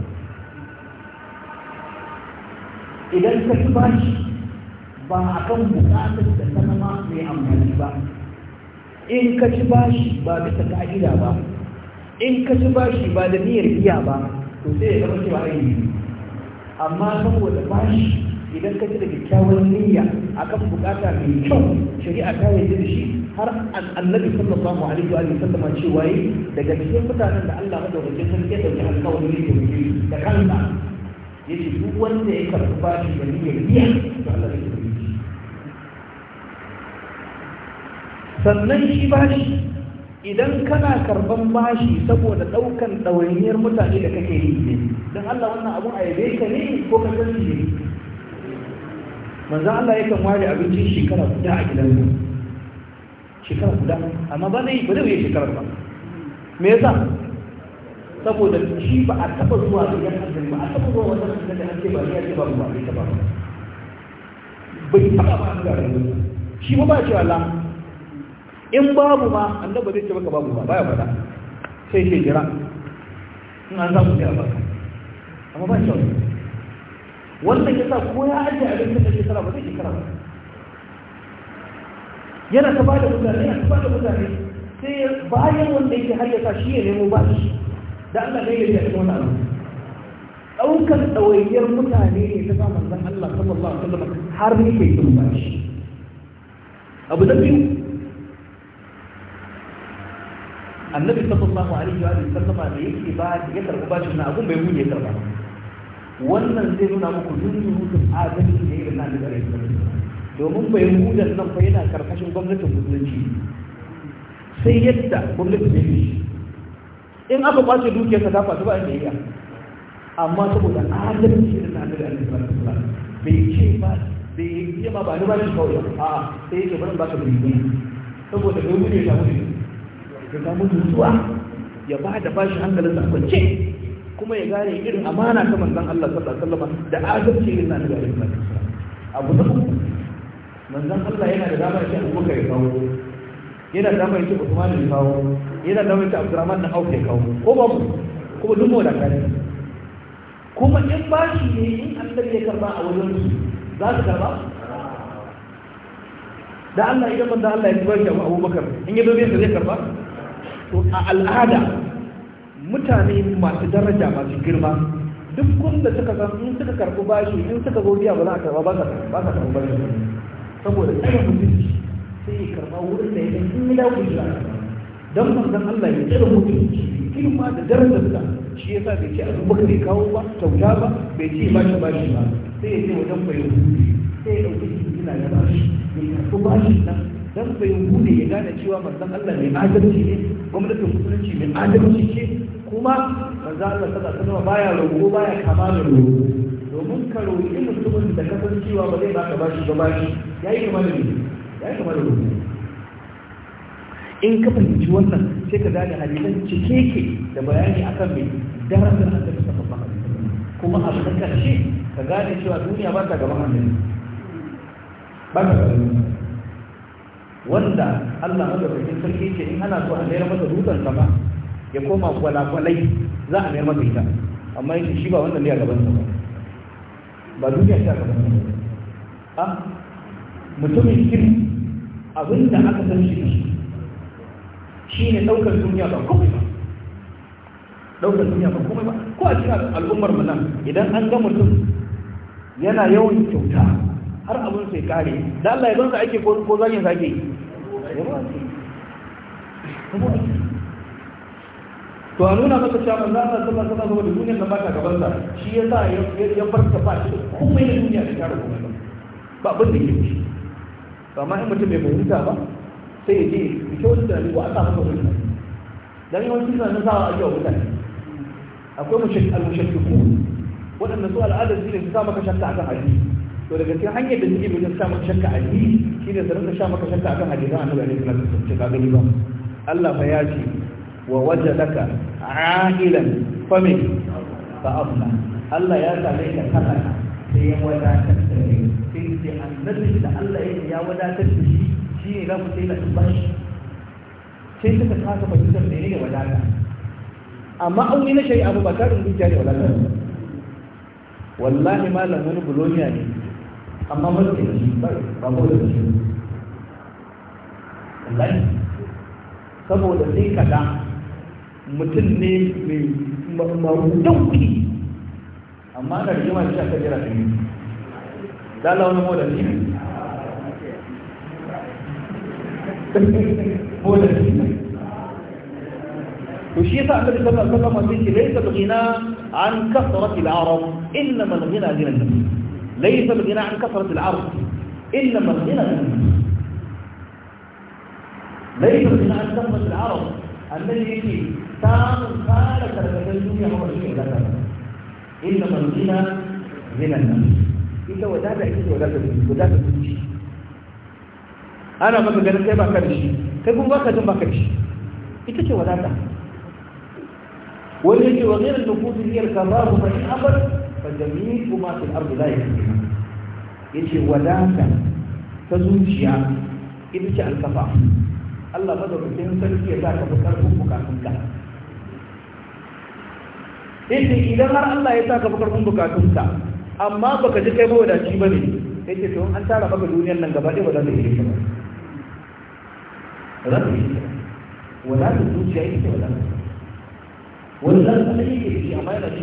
idan ka ci ba shi ba a kan bukatar da ta zama mai amfani ba in ka ci bashi ba bisa ka'ida ba in ka ci bashi ba da niyyar iya ba to sai ya zama cewa ainihi amma saboda bashi idan ka ci da kyakkyawar niyya akan bukata mai kyau shari'a ta yi da shi har annabi sallallahu alaihi wa sallama cewa yi daga cikin mutanen da Allah madaukakin sarki ya dauki alƙawari ne da da kansa yace duk wanda ya karɓi bashi da niyyar iya to Allah sannan shi bashi idan kana karban bashi saboda ɗaukan ɗawainiyar mutane da kake yi ne don Allah wannan abun a yabe ka ne ko ka san shi ne manzo Allah yakan ware abincin shekara guda a gidan gidansa shekara guda amma ba zai ba zai wuce shekarar ba me yasa saboda shi ba a taɓa zuwa ga yan ba a taɓa zuwa wata da hankali ba ya ce ba ba bai taɓa ba bai ba ba a shi ba ba ba ba in babu ma annabi zai ce maka babu ba baya fada sai ke jira in an samu sai a baka amma ba shi wannan ya sa ko ya ajiye abin da shekara ba zai shekara ba yana ta ba da mutane yana ta ba da mutane sai bayan wanda yake har ya sa shi ya nemo ba shi da Allah ne ya yi wani abu ɗaukar ɗawayyar mutane ne ta samun zan Allah sallallahu alaihi wasallam har ne ke yin ba shi abu da biyu annabi sallallahu alaihi wa sallam da yake ba ya karba bashin na abun bai mun ya karɓa wannan zai nuna muku dukkan a adalci da irin nan da rayuwa domin bai hudan nan fa yana karkashin gwamnatin musulunci sai yadda gwamnati ne shi in aka kwace dukiyarsa ta fasu ba ne ya amma saboda adalci da nan da rai bai ce ba bai ce ba ba ni ba shi kawai a sai yake barin ba ka bai saboda bai hude ta mutu ya samu nutsuwa ya ba da bashi hankalin sa kwance kuma ya gane irin amana ta manzan Allah sallallahu alaihi wasallam da azabci irin nan da irin nan abu da manzon Allah yana da damar shi Abubakar ya kawo yana da damar shi Uthman ya kawo yana da damar shi Abdurrahman da Auf ya kawo ko ba kuma duk mu da kare kuma in bashi ne in Allah ya karba a wajen su za su karba da Allah idan manzan Allah ya bar shi Abubakar in ya dobe sa zai karba to a al'ada mutane masu daraja masu girma duk wanda suka san in suka karɓi bashi in suka zo biya ba za a karɓa ba sa karɓi bashi saboda ɗaya mutunci sai ya karɓa wurin da ya san in ya dawo da don manzon Allah ya tsare mutunci girma da da shi yasa bai ce abubakar bai kawo ba kyauta ba bai ce bashi bashi ba sai ya ce wajen bai sai ya ɗauki ina da bashi ya karɓi bashi nan dan bai hude ya gane cewa manzon Allah mai adalci ne gwamnatin musulunci mai adalci ce kuma manzon Allah sallallahu alaihi baya roƙo baya kama da roƙo domin ka roƙi mutumin da ka san cewa ba zai baka bashi ba bashi yayi kama da roƙo yayi kama da roƙo in ka fahimci wannan sai ka gane hadisan cikeke da bayani akan mai darasar annabi sallallahu alaihi wasallam kuma a ƙarshe ka gane cewa duniya ba ta gaban hannun ba ta gaban wanda Allah madaukakin sarki ce in ana so a mayar masa dutsen sama ya koma kwalakwalai za a mayar masa ita amma yake shi ba wannan ne a gaban sa ba ba duniya ta gaban sa a mutumin kiri abinda aka san shi shi ne daukar duniya ba komai ba daukar duniya ba komai ba ko a cikin al'ummar mu nan idan an ga mutum yana yawan kyauta har abun sai kare da Allah ya ka ake ko zagin sake to a nuna maka cewa manzo Allah sallallahu alaihi wasallam saboda duniyar da baka gaban sa shi yasa ya farka ba shi komai da duniya da tare ba. ba abin da yake shi ba ma in mutum bai fahimta ba sai ya je ya da ni ba a sa masa wani dan na sa a yau mutane akwai mushrik al-mushrikun waɗanda su al'ada su ne su sa maka shakka akan hadisi to daga cikin hanyar da suke bin sa maka shakka addini shine su rinka sha maka shakka akan hadisan annabi alaihi salatu wasallam ka gani ba Allah fa ya ce wa wajadaka a'ilan famin fa afna Allah ya same ka talaka sai ya wadatar da kai sai ce annabi da Allah ya wadatar da shi shi ne za ku sai da bashi sai suka kasa fahimtar da ne wadata amma aure na shari'a ba tarin dukiya ne wadata wallahi malam wani bulonia ne أما ملك الجن طيب ربو الجن الله سبو الذي كذا متنمي من مرودوكي أما أنا اليوم أشياء كثيرة في مين ده لو نمو الجن وشي صعب اللي تبقى تبقى ليس الغنى عن كثرة العرب إنما الغنى عن النبي ليس الغنى عن كثرة العرض إنما الغنى ليس الغنى عن كثرة العرض الذي يجي تام خالق الرجل هو الشيء ذاته إنما الغنى غنى النفس إلا ودافع إلا ودافع الغنى ودافع الغنى أنا ما بقول لك يا بكرش تقول ما كذب بكرش إيش تقول هذا؟ والذي وغير النفوذ هي الكبار ومن أبر فجميع ما في الأرض لا يكفيها يجي وداك تزوجيا إذا شاء الكفاف الله بدر كين سلكي ذاك بكرهم بكاتمك yace إذا har Allah ya saka bukatun bukatunka amma baka ji kai ba wadaci bane yace to an tara maka duniyar nan gaba ɗaya ba za ta yi ولا ولا ولا أمانة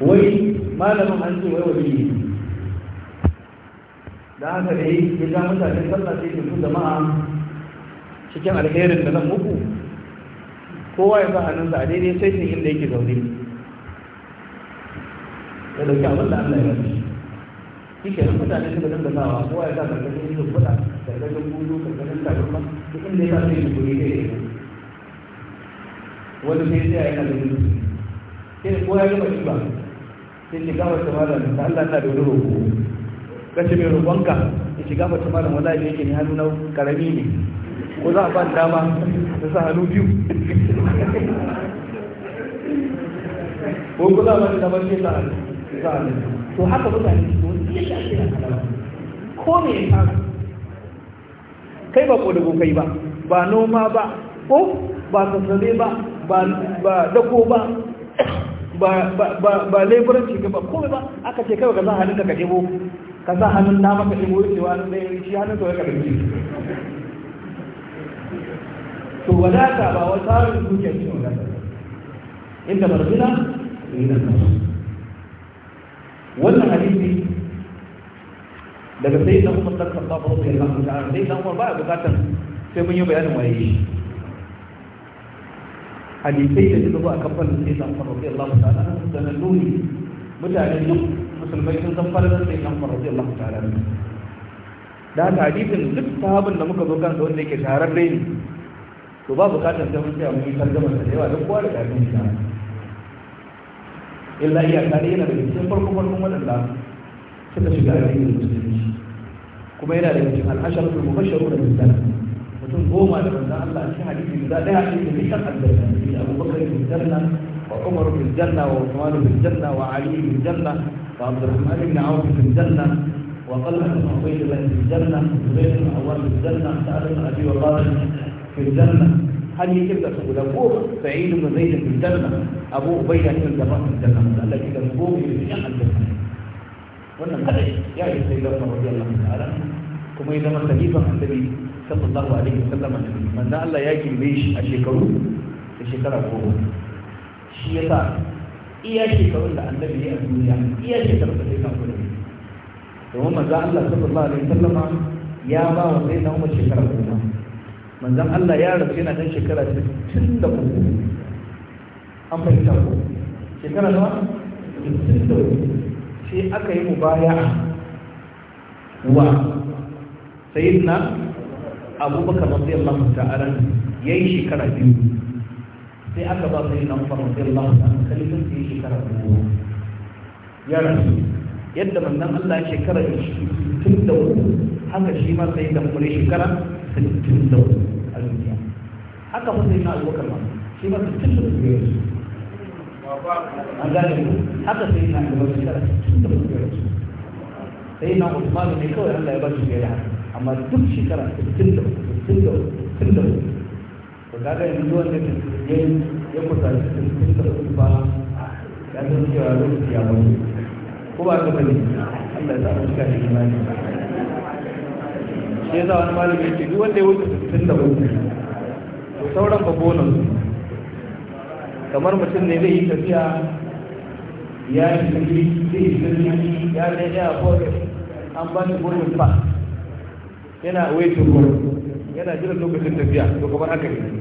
wai malamin an ce wai wani ne da haka yi ya ja mutane sallah sai ke su jama'a cikin alherin da nan muku kowa ya sa za a daidai sai shi inda yake zaune ya dauki abin da Allah ya rasu shi ke mutane suka dinga sawa kowa ya sa karkashin yin kuɗa karkashin gudu karkashin tabarma duk inda ya sa sai shi kai wani sai sai a yi kalin sai kowa ya gaba shi ba sai gaba ta malam ta Allah na da wani roƙo kace mai roƙonka ya shiga ta malam wallahi yake ni hannu na karami ne ko za a ba dama da sa hannu biyu ko ko za a ba dama sai sa hannu sa hannu to haka ba su wani yadda ake da kalama ko me ya fara kai ba ko da kai ba ba noma ba ko ba sassabe ba ba dako ba ba laifin ga ba kome ba aka ce kawai ka sa hannun da ka ɗebo ka sa hannun dama ka ɗebo yin cewa hannun ɗaya shi hannun kawai ka ɗauki to wadata ba wa harin dukiyar ce wadata inda barbina ne nan nasu wannan halittu daga sai na kuma tsarkar ba ba wasu yalma ta'ala sai na kuma ba a bukatar sai mun yi bayanin waye hadisai da suka zo a kamfanin sai dan farko sai Allah ta'ala na da nan nuni mutane duk musulmai sun san farin sai dan farko sai Allah ta'ala da haka hadisin duk sahabin da muka zo kan sa wanda yake shahararre ne to ba bukatar sai mun tsaya mun yi tarjuma da yawa don kowa da kafin shi illa iya kare yana da cikin farko farkon wadanda suka shiga addinin musulunci kuma yana da cikin al'asharatul mubashsharuna bis jannah mutum goma da manzan Allah cikin hadisi guda ɗaya shi ne bishan aljanna shi Abu Bakar bin Janna wa Umar bin Janna wa Uthman bin Janna wa Ali bin Janna wa Abdurrahman bin Auf bin Janna wa Talha bin Ubayd bin Janna Zubayr bin Awwal bin Janna Sa'd bin Abi Waqqas bin Janna هل يجب لك أبوه سعيد بن زيد في الجنة أبو أبي أن الجبار في الجنة قال لك إذا أبوه يرجع الجنة وأنا هذا يا سيدنا رضي الله تعالى عنه كما إذا ما سجيبا عن النبي sallallahu alaihi wasallam manzo Allah ya kirbe shi a shekaru da shekara goma shi yasa iya shekarun da annabi ya duniya iya shekarun da sai kan gudu domin manzo Allah sallallahu alaihi wasallam ya ba wa sai na umar shekara goma manzo Allah ya rasu yana dan shekara 63 an fahimta ko shekara nawa 63 sai aka yi mubaya'a wa sayyidina abubakar radiyallahu ta'ala yayi shekara biyu sai aka ba sai na umar radiyallahu ta'ala kalifin sai shekara biyu ya rasu yadda manzon Allah shekara 63 haka shi ma sai da umar shekara 63 a duniya haka mun sai na abubakar ma shi ma tun da 63 an gane haka sai na abubakar shekara 63 sai na Usman ne kawai Allah ya ba shi da haka amma duk shekara tun da tun da tun da to kaga yanzu wanda ya ya kusa tun da tun ba ya san cewa lokaci ya bari ko ba ka bane Allah ya sa mu cika da imani shi yasa wani malami ya ce duk wanda ya wuce tun da uku to sauran ba bonus kamar mutum ne zai yi tafiya ya yi tafi zai yi ya ne ya ko an bani shi gurbin yana waitin kwaro yana jira lokacin tafiya to kamar haka ne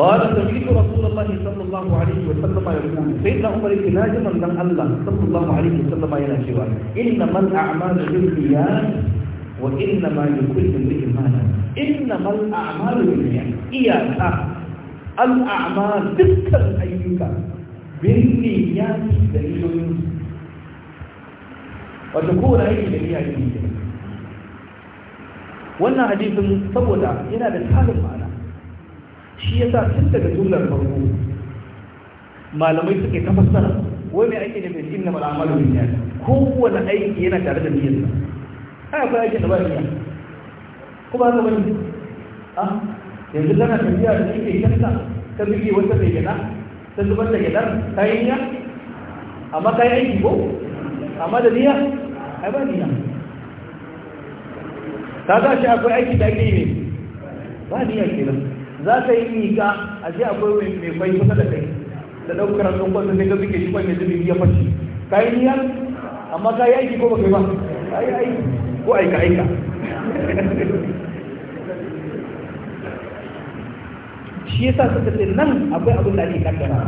qala sami'tu rasulullahi sallallahu alaihi wa sallam yaqul sayyidna umar ibn hajim an allah sallallahu alaihi wa sallam yana cewa inna man a'malu bil qiyam wa inna ma yukul bil iman inna man a'malu bil qiyam iyaka al a'mal dukkan ayyuka bil qiyam da yawm wato kowane aiki da niyya yin ne wannan hadisin saboda yana da tarin ma'ana shi yasa tun daga jumlar farko malamai suke ta fassara wai mai aiki da mai inna mal'amalu bin Ko kowane aiki yana tare da sa A, akwai aiki da ba niyya kuma haka bane ah yanzu kana tafiya da kike shakka ka bige wata mai gida ta zubar da gidan ta yi niyya amma ka yi aiki ko amma da niyya ai ba ta za shi akwai aiki da ake ne ba niyya kenan za ka yi nika a shi akwai mai mai kusa da kai da ɗaukar sun kwanta sai ga suke shi kwanta zubi ya fashi ka yi niyya amma ka yi aiki ko ba kai ba ka yi aiki ko aika aika shi sa suka ce nan akwai abin da ake kaddara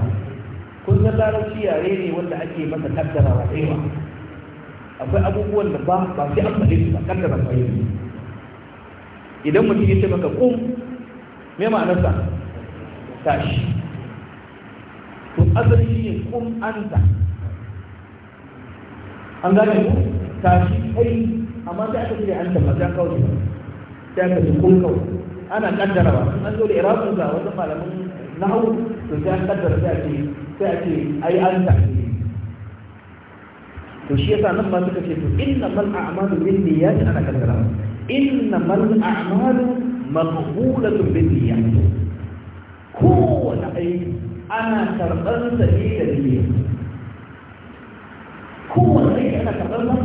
kun san larabci yare ne wanda ake masa kaddara wa tsayawa akwai abubuwan da ba ba sai an faɗe su ba kan da ba sai idan mutum ya ce maka kum me ma'anarsa tashi to azali shi ne kum anta an gane mu tashi kai amma sai aka ce anta ba ta kawo sai aka ce kun kawo ana kaddara ba an zo da irabun ga wasu malamin nahu to sai an kaddara sai a ce sai a ce ai anta ne to shi yasa nan ma suka ce to innamal a'malu binniyat ana kaddara innamal a'malu maqbulatun binniyat kowane aiki ana karɓar sa ne da niyya kowane aiki ana karɓar sa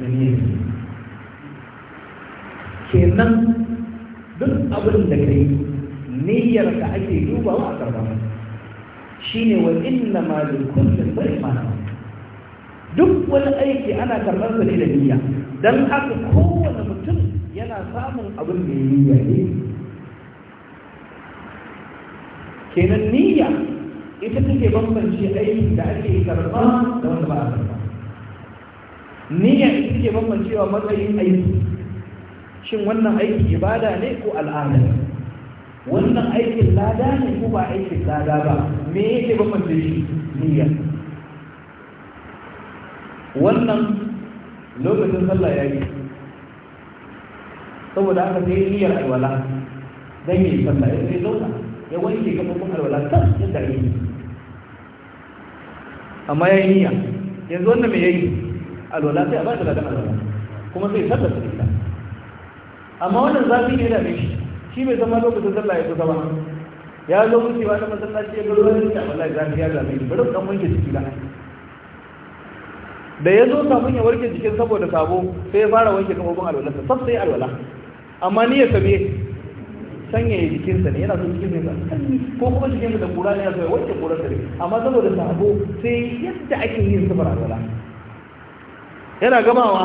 da niyya kenan duk abin da kai niyyar ka ake dubawa a karɓar shi ne wa inna ma da kullum bai mana duk wani aiki ana karɓar sa ne da niyya dan haka kowane mutum yana samun abin da ya yi ne kenan niyya ita take bambance aiki da ake karɓa da wanda ba a karɓa niyya ita take bambancewa matsayin aiki shin wannan aiki ibada ne ko al'ada wannan aikin lada ne ko ba aikin lada ba me yake bambance shi niyya wannan lokacin sallah ya yi saboda aka sai niyyar alwala zan yi sallah ya sai zauna ya wanke kuma alwala tas yadda yi amma ya yi niyya yanzu wannan mai yayi alwala sai a ba shi ladan alwala kuma sai sallah su ita amma wannan zafi ne da shi shi bai zama lokacin sallah ya kusa ba ya zo yi da masallaci ya garo wani shi a wallahi zafi ya zame shi bari kan wanke jiki da da ya zo sabon ya warke jikin saboda sabo sai ya fara wanke gabobin alwalarsa sab sai alwala amma ni ya sanya ya jikinsa ne yana zo jikin ne ko kuma jikin da kura ne ya zo ya wanke kurarsa ne amma saboda sabo sai yadda ake yin sabar alwala yana gamawa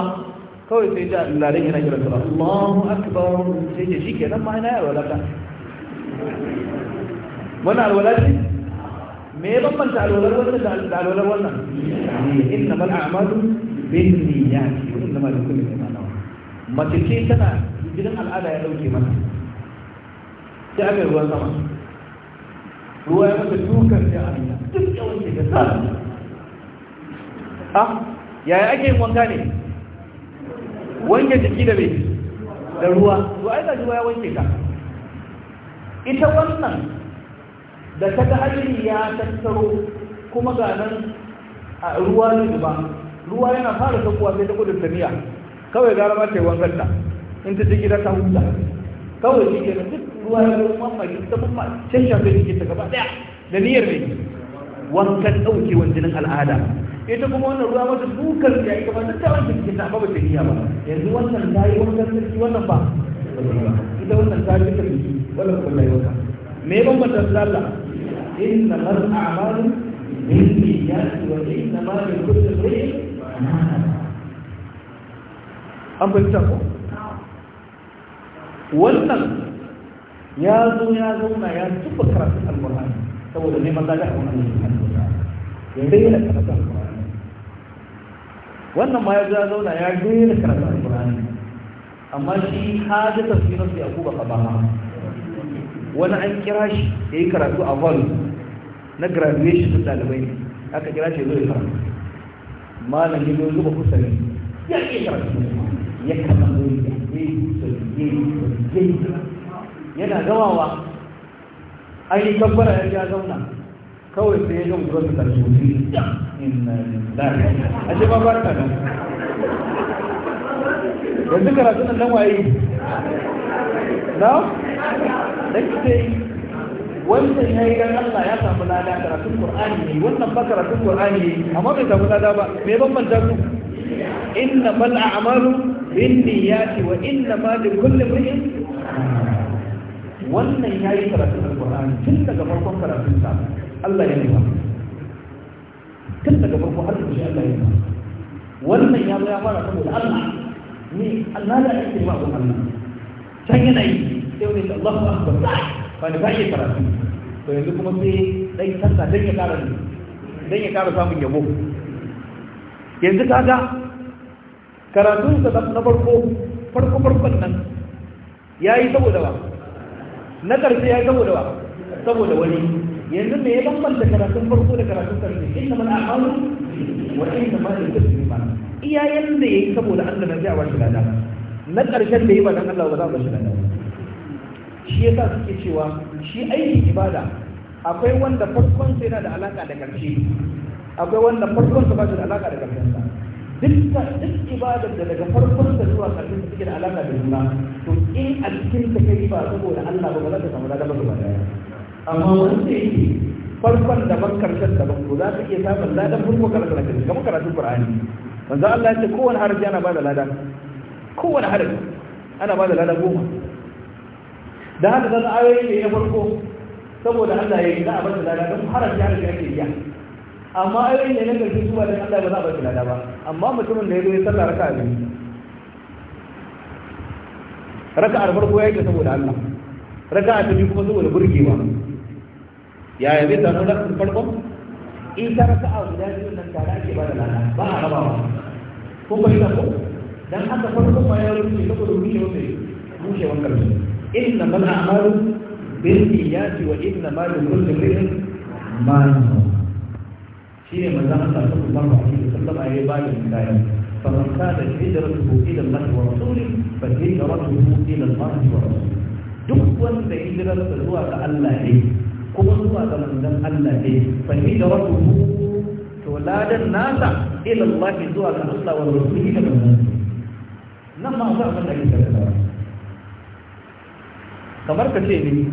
kawai sai ja larin yana kira sabar Allahu akbar sai ya shi kenan ma yana alwala ta wannan alwala ce me ya bambanta alwalar wannan da alwalar wannan inna mal a'malu bin niyyati wa inna ma likulli imrin ma nawa mace ce tana jinin al'ada ya dauke mata sai aka ruwan sama ruwa ya mata dukan sai amina duk yawan ke da sa ah yaya ake yin wanka ne wanke jiki da me da ruwa to ai da ruwa ya wanke ka ita wannan da ta ga hadiri ya tattaro kuma ga nan a ruwa ne ba ruwa yana fara sakuwa sai ta gudun tamiya kawai gara ma ta yi wankan ta in ta gida ta huta kawai shi kenan duk ruwa ya zo mamari ta mamma can shafe jikin ta gaba daya da niyyar ne wankan daukewar jinin al'ada ita kuma wannan ruwa mata dukan da ya kamata ta wanke jikin ta ba ba ta niyya ba yanzu wannan ta yi wankan sarki wannan ba ita wannan ta yi jiki, wannan kuma ta yi wanka me ya ta sallah إنما الأعمال بالنيات وإنما لكل امرئ an bai fahimta ko wannan ya zo ya zauna ya tuba karatun alkur'ani saboda neman zaga a wannan ya daina karatun alkur'ani wannan ma ya zo ya zauna ya daina karatun alkur'ani amma shi hajjatar fi nasu ya ka kabaha wani an kira shi ya yi karatu a valu na graduation sun dalibai ne aka kira ce zo ya fara malam ya zo zuba kusa ne ya ke karatu ya kama zo ya yi kusa ya ya yana gawawa an yi kabbara ya zauna kawai sai ya gama zuwa ta sosai inna lillahi a ce ba ba ta nan yanzu karatun nan waye na da kike Wannan ya yi dan Allah ya samu lada karatun Qur'ani ne wannan ba karatun Qur'ani ne amma bai samu lada ba me bambanta su inna bal a'malu binniyati wa inna ma li kulli imrin wannan ya yi karatun Qur'ani tun daga farkon karatun sa Allah ya nufa tun daga farko har da shi Allah ya nufa wannan ya zo ya fara saboda Allah ni Allah da ake ba Allah can yana yi sai wani Allahu akbar ba da sake karatu to yanzu kuma sai dai sassa dan ya kara ne dan ya kara samun yabo yanzu kaga karatun sa na farko farko farkon nan yayi saboda ba na karshe yayi saboda ba saboda wani yanzu me ya bambanta karatun farko da karatun karshe inna man a'malu wa inna ma yusbihu iyayen da yayi saboda Allah na ji a wannan lada na karshen da yi ba dan Allah ba za mu shiga lada shi ya sa suke cewa shi aiki ibada akwai wanda farkon sai na da alaka da karshe akwai wanda farkon sa ba shi da alaka da karshen sa duk duk ibadar da daga farkon sa zuwa karshen sa ke da alaka da juna to in a cikin ta kai ba saboda Allah ba za ka samu da ba gaba daya amma wanda yake farkon ban karshen daban ko za ka iya samun ladan farko karshen karshen kamar karatu Qur'ani manzo Allah ya ce kowane harafi ana ba da lada kowane harafi ana ba da lada goma da haka zan ayoyi ne na farko saboda Allah ya yi za a bar da lada don haram ya rage ake iya amma ayoyi ne na karshe su ba da Allah ba za a bar da lada ba amma mutumin da ya zo ya sallah raka'a biyu raka'ar farko ya yi ta saboda Allah raka'a ta biyu kuma saboda burgewa ya yaya zai samu raka'ar farko in ta a guda biyu nan tare ake ba da lada ba a rabawa kun bai ko dan haka farko ma ya rufe saboda kai rufe rushewar karshe inna mal a'malu bil niyyati wa inna ma li kulli imrin ma nawa shine manzon Allah sallallahu alaihi wasallam ya ba da misali فمن كانت هجرته الله ورسوله فهجرته الى الله ورسوله duk wanda hijirarsa zuwa ga Allah ne kuma zuwa ga manzon Allah ne fa hijratuhu to ladan nasa ila Allah zuwa ga Allah wa rasulihi nan ma za ka kamar ka ce ne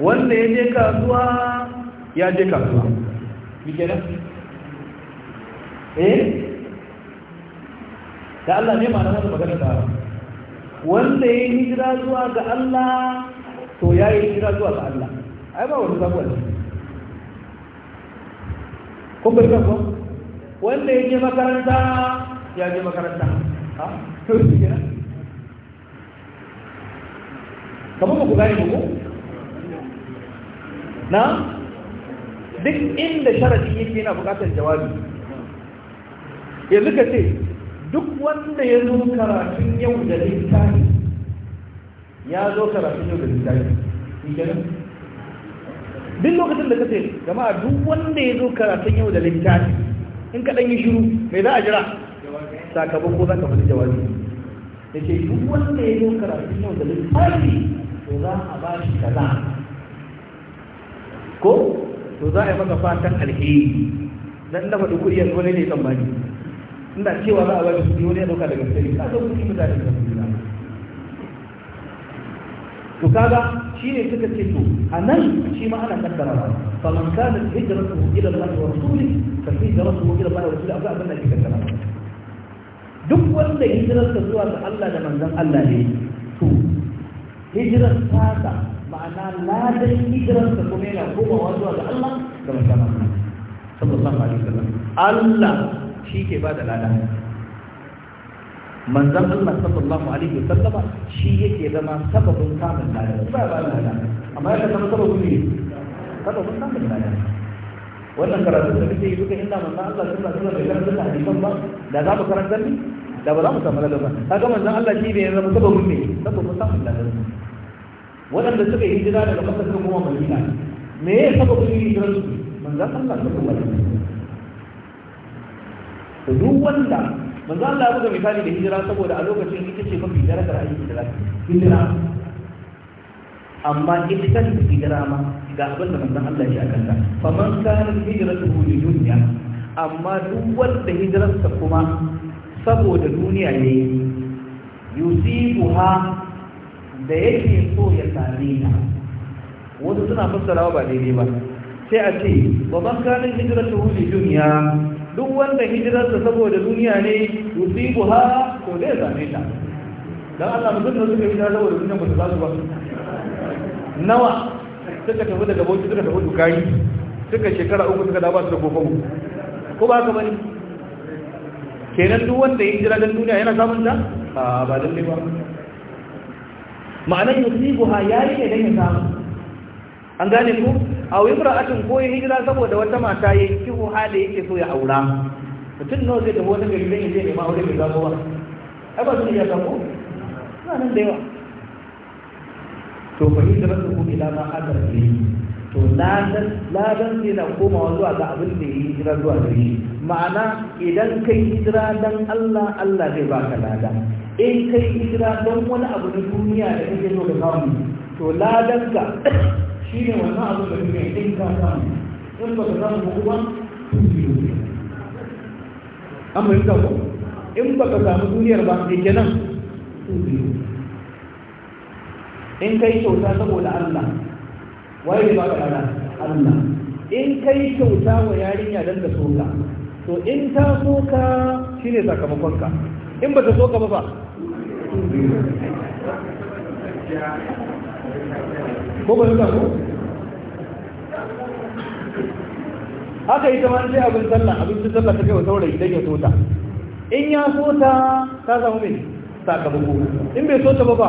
wanda ya je kasuwa ya je kasuwa Bikin da eh da Allah ne ma'ana wata magana ta wanda ya yi hijira zuwa ga Allah to ya yi hijira zuwa ga Allah ai ba wani sabuwa ne kun bai kasuwa wanda ya je makaranta ya je makaranta ha to shi kenan kamar ba ku gane ku na duk inda sharadi yake yana bukatar jawabi yanzu ka ce duk wanda ya zo karatun yau da littafi ya zo karatun yau da littafi duk lokacin da ka ce jama'a duk wanda ya zo karatun yau da littafi in ka ɗan yi shiru mai za a jira sakamako za ka faɗi jawabi da ce duk wanda ya zo karatun yau da littafi to za a ba shi kaza ko to za a yi maka fatan alheri dan dafa duk kuɗi yanzu wani ne tsammani ina cewa za a ba shi kuɗi wani ya ɗauka daga sai ka zo kuɗi mutane da kuɗi to kaga ne suka ce to A nan shi ma ana kaddara ba fa man kana hijratu ila Allah wa rasulih fa hijratuhu ila Allah wa rasulih abu abin da ke kaddara duk wanda hijrarsa zuwa ga Allah da manzon Allah ne to hijirar tasa ma'ana ladan hijirar ta kuma yana komawa zuwa ga Allah da musamman sallallahu alaihi wasallam Allah shi ke bada lada manzon Allah sallallahu alaihi wasallama shi yake zama sababin samun lada ba ba lada amma ya zama sababin ne sababin samun lada wannan karatu da muke yi duka inda manzon Allah sallallahu alaihi wasallam bai karanta hadisan ba da za mu karanta ne da ba za mu samu lada ba kaga manzon Allah shi ne ya zama sababin ne sababin samun lada waɗanda suka yi hijira daga makka suka koma madina me ya saba kun yi hijirar su manzan Allah kuma Da to duk wanda manzan Allah ya buga misali da hijira saboda a lokacin ita ce mafi darajar aiki da hijira amma ita kanta hijira ma ga abin da manzan Allah ya kanta man kana hijratuhu li dunya amma duk wanda hijirarsa kuma saboda duniya ne yusibuha da yake so ya sami na. wasu suna fassarawa ba daidai ba sai a ce ba ban kanin hijirar ta wuli duniya duk wanda hijirarsa saboda duniya ne yusibu ha to da ya same ta don Allah mutum da suka hijira saboda duniya ba su za su ba nawa suka tafi daga bauchi suka tafi dukari suka shekara uku suka dawa su da kofamu ko ba ka bari? kenan duk wanda ya hijira don duniya yana samun ta ba ne ba ma'ana yusibuha yayi ne dan ya samu an gane ku aw imra'atin ko ya hijira saboda wata mata yayi kihu hada yake so ya aura mutum nawa zai tafi wani gari dan ya ma aure bai zama ba ai ba su iya samu na nan da yawa to fa hijira ku ila ma hadar ne to ladan sai na komawa zuwa ga abin da ya hijira zuwa gare yi, ma'ana idan kai hijira dan Allah Allah zai baka lada in kai hijira don wani abu na duniya da kake so da samu to ladanka shi ne wannan abu da kake in ka samu in ba ka samu kuma amma bai ta ko in ba ka samu duniyar ba ne kenan in kai kyauta saboda Allah waye ba ka Allah Allah in kai kyauta wa yarinya don ta soka to in ta soka ne sakamakonka in ba ta soka ba ba ko ba zuka ko haka ita ma sai abin sallah abin su sallah ta kai wa saurayi idan ya sota in ya sota ta zama mai sakamako in bai sota ba ba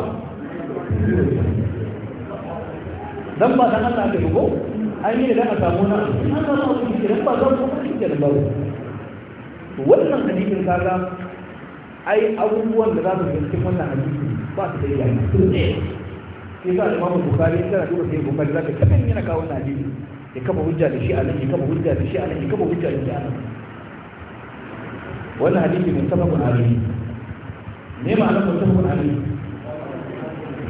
dan ba san Allah ta ko an yi da a samu na an samu abin da ba zan ko shi da ba wannan hadisin kaga ai abubuwan da za su yi cikin wannan hadisi ba su da yayi shi za da mamu bukari in kana duba sai bukari ka kaman yana kawo wannan hadisi ya kafa hujja da shi a nan ya kafa hujja da shi a nan ya kafa hujja da shi a nan wannan hadisi muttafaqun alayhi ne ma'anar muttafaqun alayhi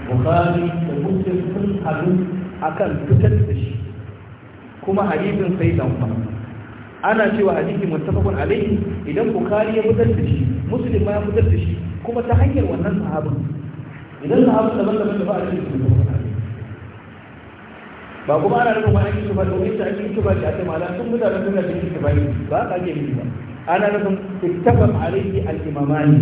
bukari da muslim sun hadu akan fitar da shi kuma hadisin sai dan ana cewa hadisi muttafaqun alayhi idan bukari ya fitar da shi muslim ma ya fitar da shi kuma ta hanyar wannan sahabin idan sahabin daban daban da ba a cikin su ba kuma ana nufin wani ake tuba domin ta ake tuba shi a ce malam sun mutane suna da ake tuba ba a kage yi ba ana nufin ittafaq alayhi al-imamani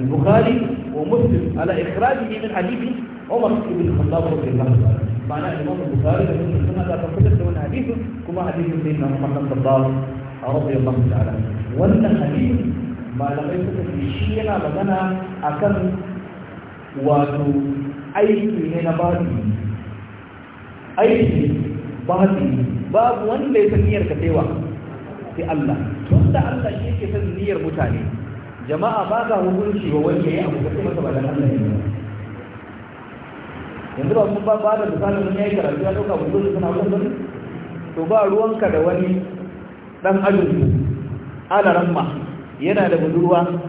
al-bukhari wa muslim ala ikhrajihi min hadithi umar ibn khattab radiyallahu anhu ma'ana imam al-bukhari da muslim suna da tabbatar da wani hadisi kuma hadisin sayyidina muhammad sallallahu alaihi wa sallam radiyallahu ta'ala wannan hadisi malamai suka ce shi yana magana kan wato aiki ne na babu aiki babu babu wanda ya san niyyar ka taiwa sai Allah wanda Allah shi yake san niyyar mutane jama'a ba ka hukunci wa wanda ya abu kai masa ba dan Allah ne yanzu ba mun ba ba da misalin mun yayi karatu ya dauka mun zo suna wannan bane to ba ruwanka da wani dan ajin ana ramma. yana da budurwa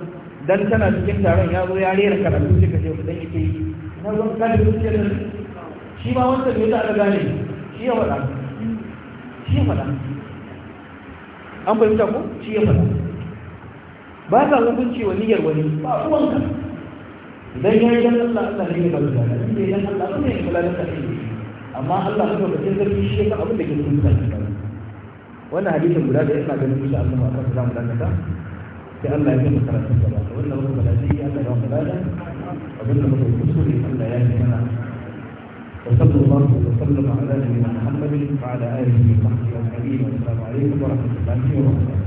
dan tana cikin taron ya zo ya rera karatu shi ka ce ku dan yake yi na zo ka da zuciya da shi ma wanda ne da daga ne shi ya faɗa shi ya faɗa an fahimta ko shi ya faɗa ba ka hukunci wa niyyar wani ba ka dan ya yi dan Allah Allah ne ya ba da ne dan Allah ne ya kula da kai amma Allah ne ba kin zargi shi ka abin da ke cikin wannan hadisin guda da yana ganin insha Allah zama zamu danna في ألا يكون ثلاثين ثلاثة وإلا رب العزيز لا يوم ثلاثة وإلا رب الرسول ألا يأتي منع وصلى الله وسلم على نبينا محمد وعلى آله وصحبه أجمعين والسلام عليكم ورحمة الله وبركاته